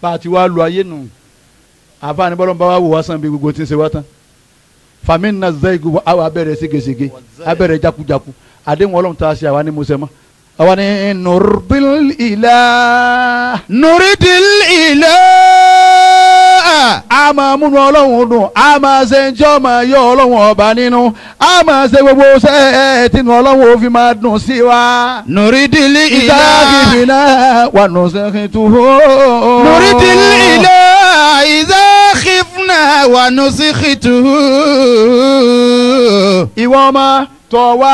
bá a ti wá lu ayé nù àfa ni bọ́lọ́mù bá wà wò wá sàn bí gbogbo ti ń ṣe wá tán fàmí nà zẹ́yìgù àwọn abẹ́rẹ́ ségesège abẹ́rẹ́ jakujaku àdéhùn ọlọ́run tá a ṣe àwa ní mọ́sẹ̀mọ́ àwa ní nùrùdìl ìlà. nùrùdìl ìlà. a máa múnú ọlọ́run dùn a máa ṣe ń jọ́ máa yọ ọlọ́run ọba nínú a máa ṣe gbogbo ṣe ẹ tinú ọlọ́run òfin máa dùn sí wa. nùrùdìl ìlà. ìsáàkì wà nù sẹ́kìtù. nùrùdìl ìlà náà wà nù sí kìtù. ìwọ ọmọ tọ́ wa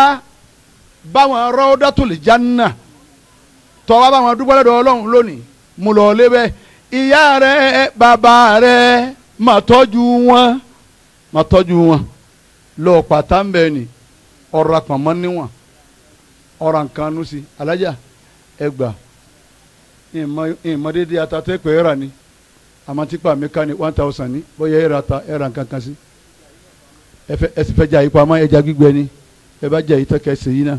báwọn rọ́ọ́dọ́tòlì jánà tọ́ wa báwọn dúpẹ́ lọ́dọ̀ ọlọ́run lónìí mo lọ lé bẹ́ẹ̀ ìyá rẹ bàbá rẹ mà tọ́jú wọn mà tọ́jú wọn lọ pàtà ń bẹ ni ọ̀rọ̀ àpamọ́ níwọ̀n ọ̀rọ̀ nǹkan nu sí alájà ẹgbà ìmọ̀ ìmọ̀ dédé atatẹ́pẹ́ rà ni àmọ́ tipa mi ká ní one thousand ní bóyá ẹ̀rà ta ẹ̀rà nǹkan kan sí ẹsì fẹ́ jà ipò àmọ́ ẹja gbígbẹ ni ẹ bá jà yìí tẹ́kẹ̀ ẹsẹ̀ yìí náà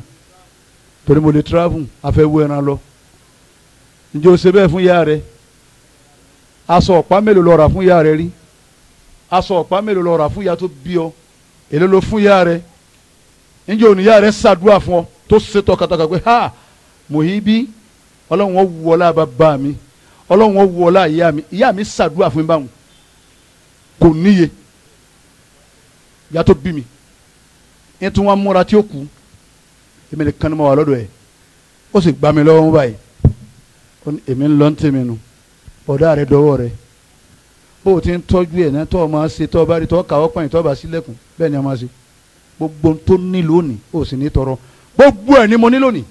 torí mo lè travel afẹ́ wú ẹran lọ ǹjẹ́ o ṣe bẹ́ẹ̀ fún ìyá rẹ aṣọ ọ̀pá mélòó lọ rà fún ìyá rẹ rí aṣọ ọ̀pá mélòó lọ rà fún ìyá tó bí ọ èló ló fún ìyá rẹ ǹjẹ́ òníyá rẹ ṣàdúrà fún ọ tó ṣe tọkàtọkà pé ha mò ń bí ọlọ́run wọ́n wù ọ lábàbá mi ọlọ́run ó wọ ọlá ìyá mi ìyá mi ṣàdúrà fún mi báwọn kò níye ìyá tó bí mi ẹni tí wọ́n múra tí ó kú èmi nìkan ni mo wà lọ́dọ̀ ẹ̀ ó sì gbà mí lọ́wọ́ báyìí ó ní èmi ń lọ ń tèmi nu ọ̀dọ́ rẹ̀ dọ́wọ́ rẹ̀ bó o ti ń tọ́jú ẹ̀ náà tọ́ ọ máa ṣe tọ́ ọ bá rí tọ́ ọ kàwọ́ pààyàn tọ́ ọ bá sílẹ̀kùn bẹ́ẹ̀ ni a máa ṣe gbogbo tó ní lónìí ó sì ní tọrọ gbogbo ẹ̀ ni mo ní lónìí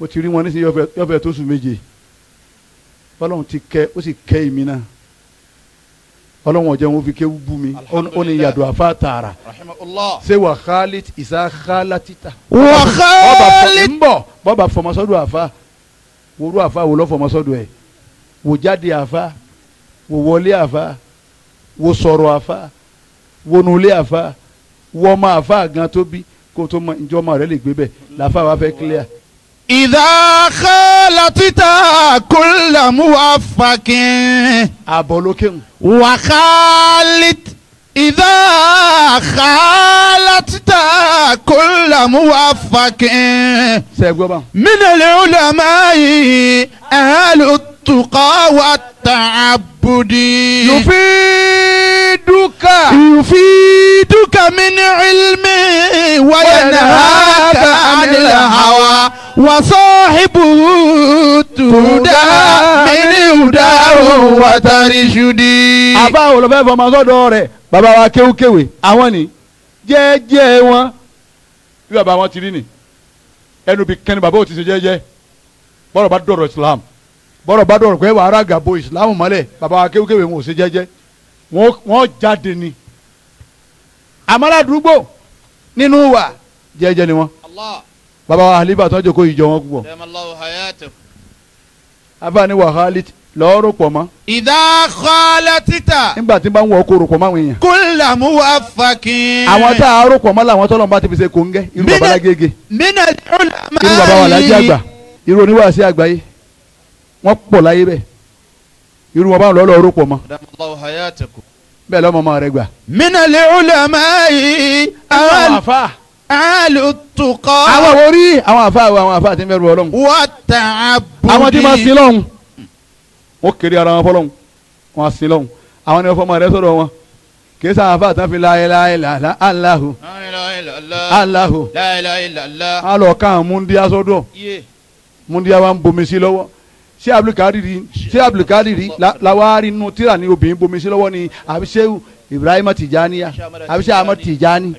mo ti rí wọn nísìnyí yọfẹ tó sùn méje bọ́lọ́hún ti kẹ́ ó sì kẹ́ èmi náà ọlọ́wọ́n jẹ́ wọn fi kéwú bú mi ó ní yàdùn àfa tààrà ṣé wà khalid isa khalatita. wà khalid ń bọ̀ bọ́ba fọmọsọ́dọ̀ àfa worú àfa wò lọ́ fọmọsọ́dọ̀ ẹ̀ wò jáde àfa wò wọlé àfa wò sọ̀rọ̀ àfa wò nulẹ̀ àfa wọ́n ma àfa gan tóbi kó tó ma ìjọ ma rẹ̀ lè gbé bẹ́ẹ̀ làfa wa fẹ́ clear ìdáhà látìtà kúlàmù àfàkìn. àbọ̀ lókè. wàhálì ìdá àkàlàtìtà kólàmù wà fàkín. sẹ́gbọ́n bá. mínàlẹ́ ọ̀làmá yìí ẹ̀hálù tukọ̀ wà tààbùdì. yòófì dúkà. yòófì dúkà mi ní ilmi wàyẹ̀nà hàkà ànilà hàwà wàsọ́ọ̀hìbù tùdà mi ní ìdá òun wàtàrí ṣùdì. àbá òlò fẹ́ fọmọ sọ́dọ̀ rẹ̀ bàbá wa kéwúkéwé àwọn ni jẹ́ẹ́jẹ́ wọn bí bàbá wọn ti rí ni ẹnu bí kẹ́ni bàbá ò ti ṣe jẹ́ẹ́jẹ́ bọ́rọ̀ bá dọ̀rọ̀ Islam bọ́rọ̀ bá dọ̀rọ̀ pé wàá rà gàbo Islam mọ́lẹ̀ bàbá wa kéwúkéwé wọn ò ṣe jẹ́ẹ́jẹ́ wọn jáde ni àmàlàdúgbò nínú wa jẹ́ẹ́jẹ́ ni wọn bàbá wa àlíbà tó ń jòkó ìjọ wọn púpọ̀ abáni wàhálì lọ́ọ́ rò pọ̀ mọ́. ìdá kọ́lá títà. nígbà tí n bá ń wọ ọkọ rò pọ̀ mọ́ àwọn èèyàn. kúlà mú wa fàkín. àwọn tá a rò pọ̀ mọ́ làwọn tọ́lọ́mọba ti fi ṣe kóńgẹ́ irú baba lágége. mina ìrọ̀lá máa yí. irú baba wà lájẹ́ àgbà irú oníwàásí àgbáyé wọ́n pọ̀ láyé bẹ́ẹ̀ irú wọn bá ń lọ lọ́ọ́ pọ̀ mọ́. bẹ́ẹ̀ lọ́mọ ọmọ rẹ gbà. mina ìrọ̀lá máa yí. àwọn àfa àlùtùkọ́. àwọn orí àwọn àfa àwọn àfa wọn kéré ara wọn fọlọ́hún wọn sin lọ́hún àwọn ni wọn fọmọ rẹ sọ̀rọ̀ wọn kìí sáà fà tán fi láyéláyé làlá aláhu aláhu alọ kan múndíá sọdọ múndíá wa ń bomi sí lọ́wọ́ ṣé abdulkadiri ṣé abdulkadiri lawari nù tíra ni obìnrin bomi sí lọ́wọ́ ni àbí ṣé ibrahima tijaniya àbí ahmed tijani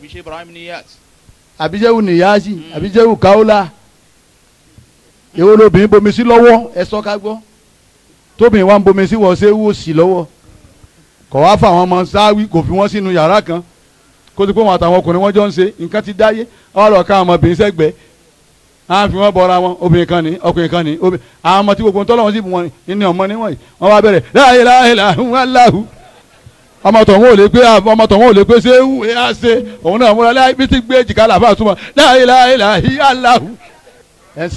àbí ṣé niyasi àbí ṣé kaola èwo lobìnrin bomi sí lọ́wọ́ ẹ sọ ká tóbìnrin wa ń bomi sí wọ́n ṣe wò sí lọ́wọ́ kọ̀ wá fà wọn mọ sáwí kò fi wọn sínú yàrá kan kó tó pé wọn àtàwọn ọkùnrin wọn jọ ń ṣe nǹkan ti dáyé ọ̀rọ̀ ká àwọn obìnrin sẹ́gbẹ́ á fi wọn bọra wọn obìnrin kan ní ọkùnrin kan ní obìnrin àwọn ọmọ tí gbogbo ń tọ́lọ́wọ́n sì bù wọn ní ọmọ níwọ̀nyí wọn wá bẹ̀rẹ̀ láàyè láàyè ọmọ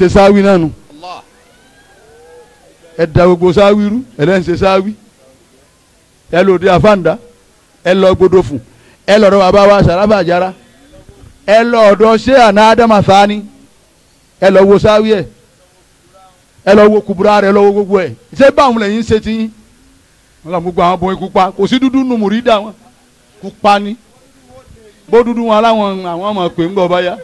tọ̀hún ẹ da gbogbo sáwí rú ẹ lẹ́ ń ṣe sáwí ẹ lò dé afáǹdá ẹ lọ gbọdọ̀ fún ẹ lọ́dọ̀ bàbá wa sàràfà àjára ẹ lọ́dọ̀ ṣé àná ádámà fani ẹ lọ wo sáwí ẹ ẹ lọ wo kubura rẹ ẹ lọ wo gbogbo ẹ ṣé báwọn lẹ́yìn ṣe ti wọn làwọn gbogbo àwọn bọ ikú kò sí dúdú nù múrí dà wọn kú ni bó dúdú wọn aláwọn àwọn ọmọ pè ń gbọ báyà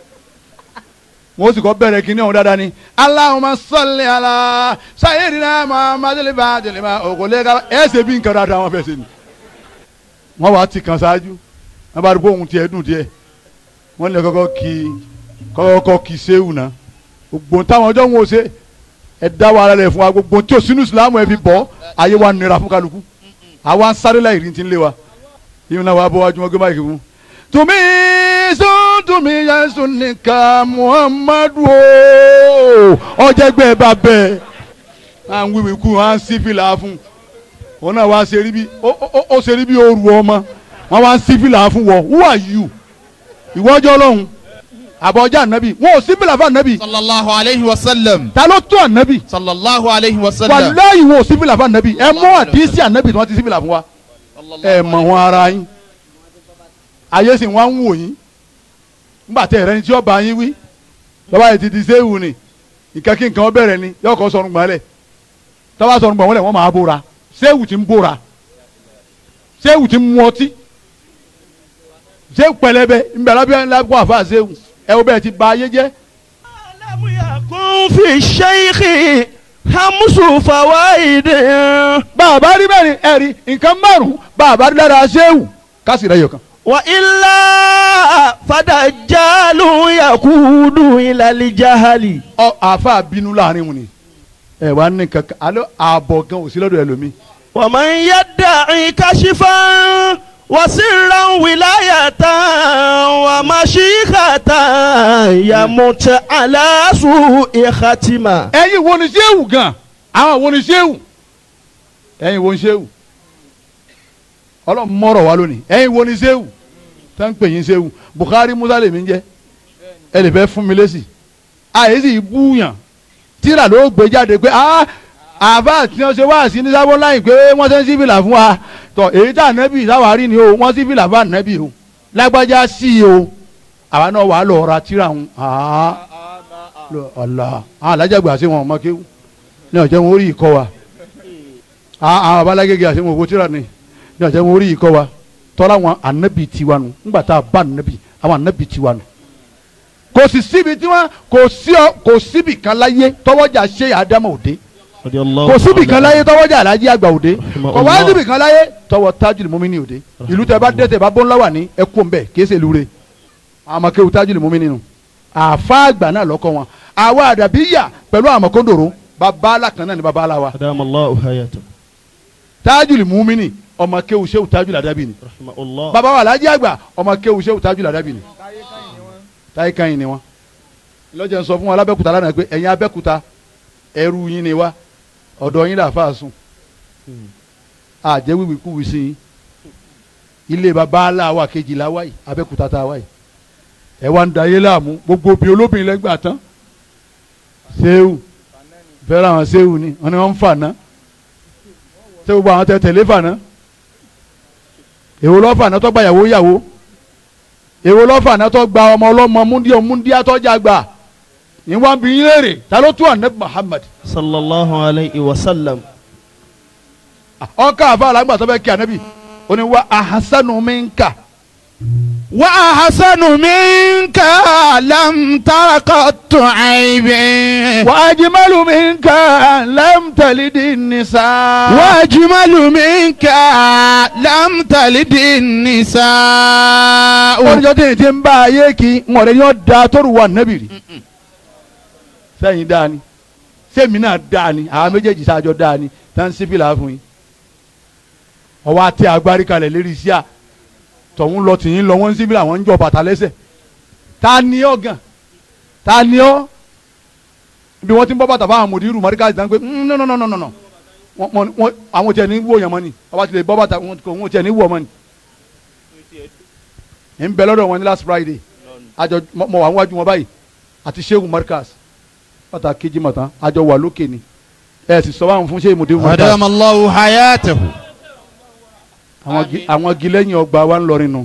wọ́n sì kọ́ bẹ̀rẹ̀ kínní ọ̀hún dáadáa ni. Allahumma salli ala sayyidina Muhammad jẹlẹba jẹlẹba òkòlẹ́ ká ẹ̀sẹ̀ bí nǹkan dáadáa wọn fẹ́ ṣe ni. wọ́n wá ti kàn ṣáájú wọ́n bá rí bóun tiẹ̀ dùn díẹ̀ wọ́n lè kọ́kọ́ kí kọ́kọ́ kí sẹ́wù náà gbogbo táwọn ọjọ́ wọn ò ṣe ẹ dá wa ara rẹ̀ fún wa gbogbo tí o sínú ìsìlámù ẹ fi bọ́ ayé wa nira fún kálukú àwa sáré láì rí ti ń lé wa ìmúna wa wọn gbé báyìí fún. tùmí àìsàn tún mi yẹsùn nìkan muhammadu o ọjẹgbẹ bá bẹ à ń wíwí kú à ń sí fìlà fún òun náà wá ṣe rí bí ó ṣe rí bí ooru ọmọ wọn wá ń sí fìlà fún wọ who are you ìwọ́jọ́ lọ́hùn àbọ̀já ànábì wọn ò sí fìlà fún ànábì. sallallahu alayhi wa sallam. ta ló tó ànábì. sallallahu alayhi wa sallam. wàláyé wọn ò sí fìlà fún ànábì ẹ mọ àdísí ànábì tí wọn ti sí fìlà fún wa ẹ mọ wọn ara yín ayé sì wọn ń wò yín nígbà tẹ ẹ̀rẹ́ni tí ó bá yín wí lọ́ba yìí ti di séwù ni nǹkan kí nǹkan bẹ̀rẹ̀ ni yóò kọ́ sọ̀rùn gbọ́n lẹ̀ tọ́ba sọ̀rùn gbọ́n lẹ̀ wọ́n máa bóra séwù ti ń bóra séwù ti ń mu ọtí séwù pẹlẹbẹ nbẹ lábẹ́ lábẹ́ àfa séwù ẹ wo bẹ́ẹ̀ ti ba ayé jẹ́. alámúyàkún fi ṣéyìkì hamusu fawaide. bàbá rí bẹ́ẹ̀ ni ẹ̀rí nǹkan márùn-ún bàbá rí lára séwù kásìrẹ́yọ̀ kan wa ilà fadajalu yakudu ilali jahali. ọ àfa bínú láàrin wọn ni ẹ wà ní kankan alo ààbọ̀ gan òsì lọ́dọ̀ ẹ lomi. wa man yadda'i kashifan wa sirran wilayatan wa mashikatan yamut ala su'i khatima. ẹ̀yin wo ni sẹ́wù gan àwọn wo ni sẹ́wù ẹ̀yin wo ni sẹ́wù ọlọ́run mọ̀rọ̀ wa lónìí ẹ̀yin wo ni sẹ́wù tá ń pè yín sẹ́wù Bukhari Musa lèmi ń jẹ́ ẹ lè fẹ́ fún mi lẹ́sì àyè sì búyàn tíra ló gbé jáde pé ah àbá tí wọ́n ṣe wá sí ní sábọ́ láì pé wọ́n ṣe ń sífìlà fún wa tọ̀ èyí tá ànábì sáwárí ni o wọ́n sífìlà fún ànábì o lágbájá sí o àwa náà wàá lọ ra tíra ń ọ̀la alájàgbà àti wọn ọmọ kéwù ní ọjọ́ wọn ó rí ìkọ wa àwọn abalagége àti wọn òwò tíra ni ní ọjà wọn orí yìí kọ́ wa tọ́lá àwọn anabi tiwa nù ńgbà tá a bá anabi àwọn anabi tiwa nù. kò sì síbi tí wọn kò sí ọ kò síbi kan láyé tọwọ́jà ṣe àdámà òde kò síbi kan láyé tọwọ́jà alájí àgbà òde kò wá síbi kan láyé tọwọ́ tájù mọ́mìnì òde ìlú tẹ bá dẹ́tẹ̀ bá bọ́ńlá wà ní ẹkún bẹ́ẹ̀ kì í ṣe lure àmọ̀kéwu tájù mọ́mìnì nù àfa àgbà náà lọ́kọ́ wọn àwa àdàbíyà pẹ̀lú àmọ̀kóńdòrò baba kan náà ni baba wa. adamallahu hayatu. tájù ọmọ kéwù sẹ́wù tájú làdábì ni Baba wa alájí àgbà ọmọ kéwù sẹ́wù tájú làdábì ni táyé kan yìí ni wa. lọ́jọ́ ń sọ fún wa alábẹ́kúta lánàá pé ẹ̀yin abẹ́kúta ẹrú yín ni wa ọ̀dọ̀ yín là fà sùn àjẹ́ wíwì kúwì sí yín ilé baba aláwa kejì la wáyé abẹ́kúta tá a wáyé ẹ wá ń da ayé láàmú gbogbo bí olóbìnrin lẹ́gbàá tán sẹ́wù fẹ́ràn àwọn sẹ́wù ni wọ́n ní wọ́n ń fà ná sẹ́wù gbogbo àwọn tẹ̀ tẹ̀lé fà ná èwo lọ́fà náà tó gba yàwó yàwó èwo lọ́fà náà tó gba ọmọ ọlọ́mọ múndíọ̀ múndíà tó já ní wọn bí yín léèrè ta ló tún ànábì Muhammad. sallallahu alayhi wa sallam. ọkọ àfa alàgbà tó bẹ kí ànábì ó ahasanu minka. وأحسن منك لم تر قط عيبي وأجمل منك لم تلد النساء وأجمل منك لم تلد النساء ọjọ́ tí ní ti ń bá ayé kí n ọ̀rẹ́ yóò da tóru wa nẹ́bì rí sẹ́yìn dáa ni sẹ́mi náà dáa ni àwọn méjèèjì sáájọ́ dáa ni tá ń síbìlà fún yín ọwọ́ àti agbárí kalẹ̀ lérí iṣẹ́ à tọ̀hún lọ tìyín lọ wọ́n ń síbí àwọn ń jọ bàtà lẹ́sẹ̀ ta ni ọ́ gan ta ni ọ́ ibi wọ́n ti ń bọ́ bàtà fáwọn mòdìrú mọ́ríkà ìdán pé mm, nọ́nọ́nọ́nọ́nọ́ àwọn tiẹ̀ ní wò yẹn mọ́ ni ọba tilẹ̀ bọ́ bàtà wọn tiẹ̀ ní wò mọ́ ni. ń bẹ lọ́dọ̀ wọn ní last Friday àjọ mọ̀ wà wájú wọn báyìí àti sehu mọ́ríkà bàtà kejì mọ̀tán àjọ wà lókè ni ẹ̀ sì sọ wà fún sehu mòdìrú mọ́ríkà. hayatahu àwọn igi lẹ́yìn ọgbà wa ń lọrin nù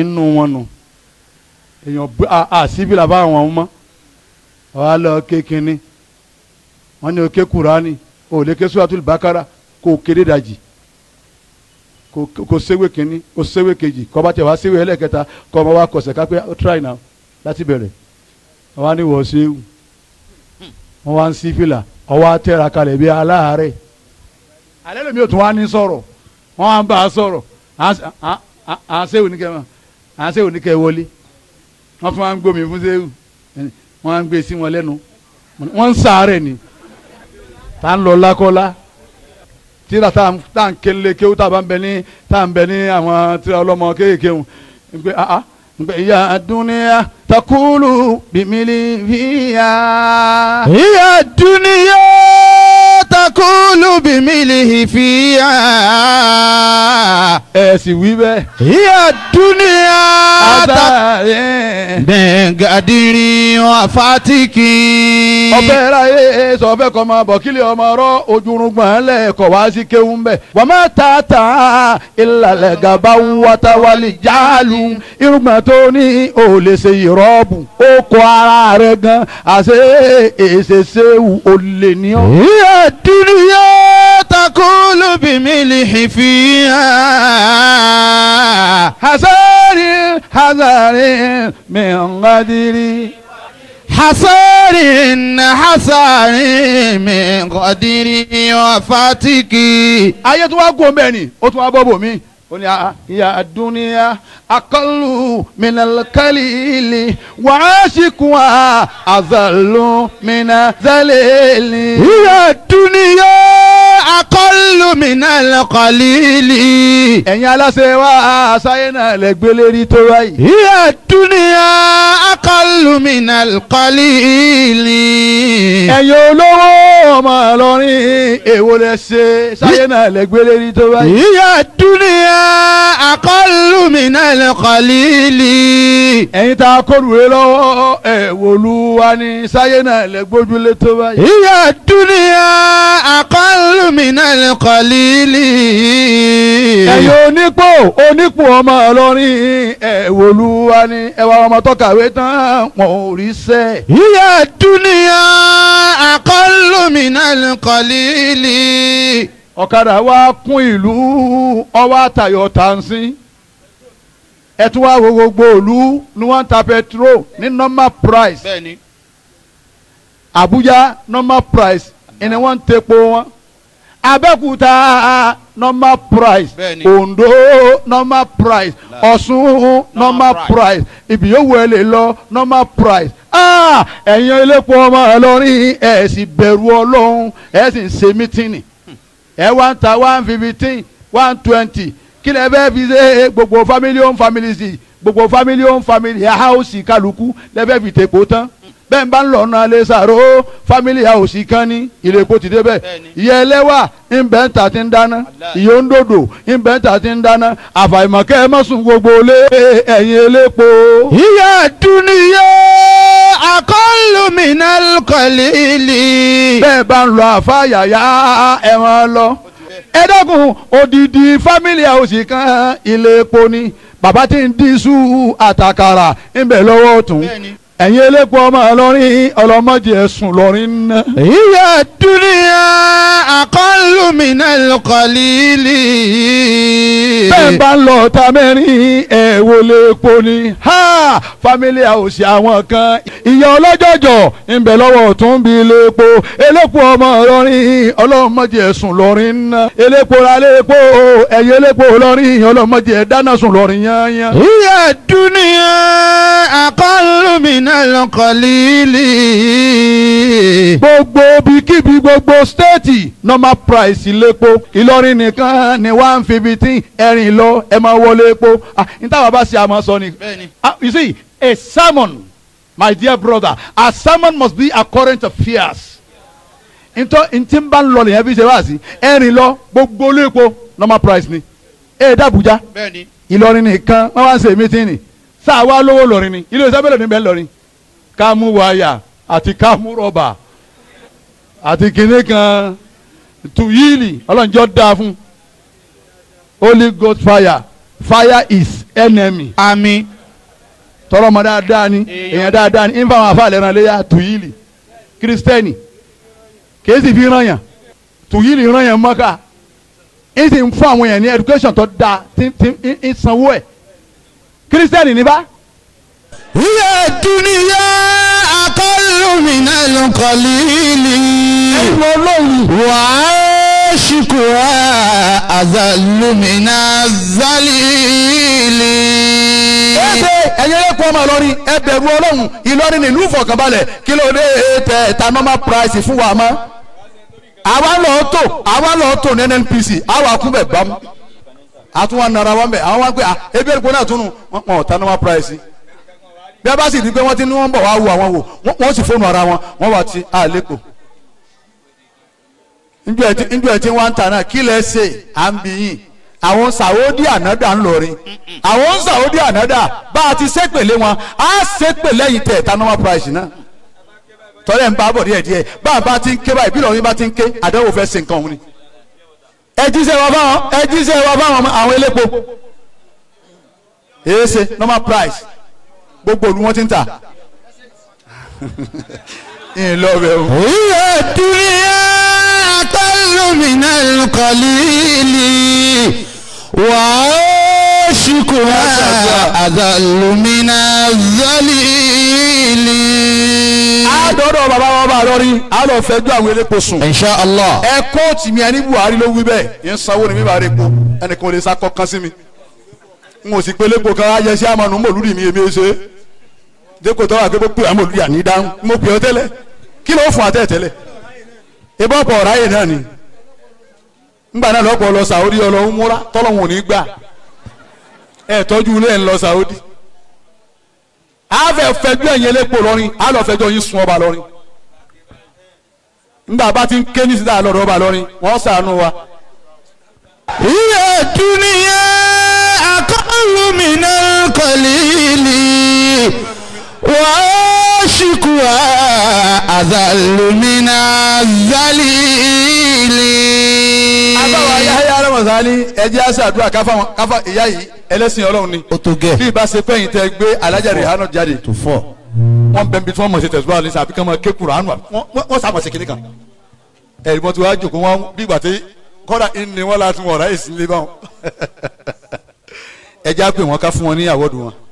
inú wọn nù èèyàn àṣìbí làbá àwọn ọmọ mọ́ wàá lọ kékeré wọn ní òkè kúránì òlékè sùwàtúlù bàkàrà kò kéde dajì kò séwé kínní kò séwé kejì kọ́ bá tẹ̀ wá séwé ẹlẹ́kẹta kọ́ ọmọ wa kọ̀sẹ̀ kápẹ́ oh, try now láti bẹ̀rẹ̀ wọ́n á ní wọ́n séwù wọ́n wá ń sí fìlà ọwọ́ á kalẹ̀ bí aláàárẹ̀ alẹ́ lómi ò tún wá ní sọ̀rọ̀ wọ́n á bá a sọ̀rọ̀ à ń sẹ́wò ní kẹ́ à ń sẹ́wò ní kẹ́ wọlé wọ́n fún wa ń gbómi fún sẹ́wò wọ́n á ń gbé sí wọn lẹ́nu wọ́n ń sàárẹ̀ ni tá ń lọ lákọ́lá tíra tá ń kéle kéwú tá ń bẹ ní tá ń bẹ ní àwọn tíra ọlọ́mọ kéékèèké wọn ń pẹ́ ah ah يا الدنيا Takulu بملي فيها هي الدنيا takulu bimilihi fiya. ẹ sì wí bẹ́ẹ̀. hiya dúníyà ta dẹ̀ngàdìrín àfàtìkì. ọbẹ̀ ráyè sọ ọbẹ̀ kọ́ máa bọ̀ kílẹ̀ ọmọ ọ̀rọ̀ ojúrungbọ̀n lẹ́ẹ̀kọ́ wá sí kéwù ń bẹ̀. wọ́n máa ta ta ìlàlẹ̀ gàba wátawálì jáàlù irúgbọ̀n tó ní ò ìrọ́bù ó kọ ara rẹ̀ gan àṣẹ èsèsè ò ní ọ. hiya الدنيا تقول بملح فيها حسار حسار من قدري حسار حسار من قدري وفاتك ayé tó بني gòmẹ́ni ó tún ó ní ìyá ah, àdúnyá akọlù mìnàkálìlì wàá ṣìkún àzàlù mìnàzálẹ̀lì. ìyá àdúnyá akọlù mìnàkálìlì. ẹ̀yin aláṣẹ wa sáyẹn náà lẹ gbélé rí tó báyìí. ìyá àdúnyá akọlùmínà kọ́lìlì. ẹ̀yin olówó ọmọ Ìlọrin èwo lẹ ṣe sáyé náà lẹ́gbẹ́lẹ́ rí tó báyìí. ìyá dúnìyà akọlùmínà kọ́lìlì. ẹ̀yin tá a kórùwé lọ́wọ́ èwo lù wá sáyé náà lẹ́gbójúlé tó báyìí. ìyá dúnìyà akọlùmínà kọ́lìlì. ẹ̀yin onípò onípò ọmọ Ìlọrin èwo lù wá ní ọmọ tó tán wọn ò rí sẹ́. ìyá dúnìyà àkọlùmínà kọ̀lìlì. ọ̀kadà wa kún ìlú ọwọ́ àtàyọ̀ tàǹsí ẹ tún wá wo gbogbo ìlú ni wọ́n ń ta petrol ní normal price. bẹ́ẹ̀ni. Abuja normal price ẹni wọ́n ń tepo wọn abẹ́kúta normal price ondo normal price ọ̀ṣun normal price ibi yóò wọ ẹlẹ́ lọ normal price ah, ẹ̀yin elépo ọmọ ẹlọrin ẹ̀ sì bẹ̀rù ọlọ́run ẹ̀ sì ń ṣe mítìnì ẹ̀ one ta one fifteen one twenty kí lè fẹ́ fi ṣe gbogbo family home family sí gbogbo family home family house kálukú lè fẹ́ fi tèpó tán bẹ́ẹ̀ bá ń lọ ọ̀nà alẹ́ sàró fámìlì àwòsí kan ní ìrèkó ti débẹ̀ ìyá ẹlẹ́wà ńbẹ́ ń tà ti ń dáná ìyó ń dòdò ńbẹ́ ń tà ti ń dáná àfàìmọ̀kẹ́ ẹ mọ̀sùn gbogbo lé ẹ̀yìn elépo. ìyá dúníyà akọ́lùmínà kọ́lìlì. bẹ́ẹ̀ bá ń lọ àfa yàyà ẹ̀wọ̀n lọ ẹ odidi fámìlì àwòsí kan ilé ni bàbá tí ń dín iṣu àtàkàrà ń lọ́wọ́ ọ̀tún ẹ̀yin elépo ọmọ ọlọ́rin ọlọ́mọdé ẹ̀sùn lọ́rin ná. ìyá dúníyà àkọlù mi náà lọkọ̀ líìlì. bẹ́ẹ̀ bá ń lọ ọ̀tá mẹ́rin ẹ̀ wò lè po ni family house àwọn kan ìyá ọlọ́jọ́jọ́ ńbẹ lọ́wọ́ ọ̀tún bí lépo elépo ọmọ ọlọ́rin ọlọ́mọdé ẹ̀sùn lọ́rin ná elépo ra lépo ẹ̀yẹ elépo lọ́rin ọlọ́mọdé ẹ̀dáná sùn lọ́rin yányán. ìyá dúníà àkọlù mi náà lọkọ̀ líìlì. gbogbo bíkíbi gbogbo stéètì normal price iléepo ìlọrin nìkan ni wà ń fi ibi tí ẹ̀rìn lọ ẹ máa wọlé epo ah, níta bàbá ṣe àmọ́ sọ ni. Ah, you see a sermon my dear brother a sermon must be a current affairs ntọ́ ntí ń bá ń lọ lèyàn fi ṣe wá sí ẹ̀rìn lọ gbogbo olóòpó normal price ni èdè Àbújá Ìlọrin nìkan wọ́n wá ń ṣe mítìnì sáà wá lówó lọ́rin ni ilé iṣẹ́ bẹ́ẹ̀ lónìí bẹ́ẹ̀ lọ́rin ká mú wáyà àti ká rọ́bà àti kinní To tuwili ọlọ́njọ́ dáa fún holy ghost fire fire is enemy. ami. tọrọ ọmọ dáadáa ni èèyàn dáadáa ni nfa àwọn afáàlẹ̀ ràn léyà tuyili kristẹni kèésì fi ràn yàn tuyili ràn yàn mọ́ká n sì ń fún àwọn èèyàn ní education tó dáa tí ń sanwó ẹ̀ kristẹni ní bá. wíyà dúníyà akọ́lùmínà ló kọ́ lílì wàá ṣìkùrà àzàlùmínà zálìlì. ẹ̀ẹ́dẹ̀ ẹ̀yẹ́ ẹ̀kọ́ ọmọ ìlọrin ẹ bẹ̀rù ọlọ́run ìlọrin nílùú ìfọ̀kànbalẹ̀ kí ló dé tẹ̀ ta normal price fún wa mọ́. àwa lọ tó àwa lọ tó ní NNPC àwa kún bẹ̀ bámu àtúwọ̀n nara wọn bẹ̀ àwọn wá pé ebi ẹ̀kọ́ náà tún nù wọ́n ta normal price bí a bá sì rí i pé wọ́n ti ní wọ́n bọ̀ wá wo àwọn wò wọ́n sì fóònù ara wọn wọ́n wá ti àlékò njọ tí wọ́n ń ta náà kí lẹ ṣe à ń bí yín àwọn sàwọ́dí ànádà ń lọrin àwọn sàwọ́dí ànádà bá a ti ṣépèlé wọn á ṣépèlé yìí tẹ̀ ta normal price náà tọ́lẹ̀ ń bá bọ̀ díẹ̀ díẹ̀ bá a bá ti ń ké báyìí bí lọ́wọ́ yín bá ti ń ké àdánwò fẹ́ ṣe nǹkan òun ni. ẹ jíṣẹ́ wa báwọn ẹ jíṣẹ́ wa báwọn àwọn elépo èyí ṣe normal price gbogbo olú wọn ti ń ta ìlọbẹ̀ o. ìyá dúníyà. من القليل وعاشقها أذل من الذليل àádọ́dọ̀ bàbá wa bá lọ rí a lọ ju àwọn elépo sùn. insha ẹ kóòtù mi àní buhari ló wí bẹ́ẹ̀ yẹn sanwó ni mi bá rí epo ẹnìkan ò lè sá kọ́kán sí mi n ò sì pé lépo kan á yẹ sí àmọ́ nù mi èmi ṣe é dẹ́kun tó pé pé àwọn dáhùn mo pè ọ́ tẹ́lẹ̀ kí ló fún àtẹ̀ tẹ́lẹ̀ ìbọn pọ̀ ọ̀ráyè náà ni ńgbà náà lọ́pọ̀ lọ Saudi ọlọ́run múra tọ́lọ́hún ò ní gbà ẹ̀ tọ́jú ilé ń lọ Saudi àfẹ́ fẹjọ́ ẹ̀yìn elépo lọ́rin á yín sun ọba lọ́rin ńgbà bá ti ń ké ní sídà lọ́dọ̀ ọba lọ́rin wọ́n sàánú wa. ìyá dúníyà akọ́lù mi náà kọ̀lí ìlì wàá ṣìkùwà àzàlùmínà zálìlì bàbá Yahya Ramadan ní ẹjẹ́ àṣàdúrà káfá ìyá yìí ẹlẹ́sìn ọlọ́run ni. ó tó gẹ̀. bí ibà ṣe pẹ́yìn tẹ gbé alájà Rihana jáde. tó fọ. wọ́n bẹ̀ bí tí wọ́n mọ̀ ṣe tẹ̀síwá ní sàbí kan mọ̀ ké Kùránì wọ́n sàmọ̀ sí kìnìkan. ẹ̀rí mọ́tò wá jòkó wọn bí ìgbà kọ́dà ìní wọn láti wọ̀ọ́rá èsì nílé báwọn. ẹjẹ́ á pè wọ́n ká fún wọn ní àwọ́dù wọn.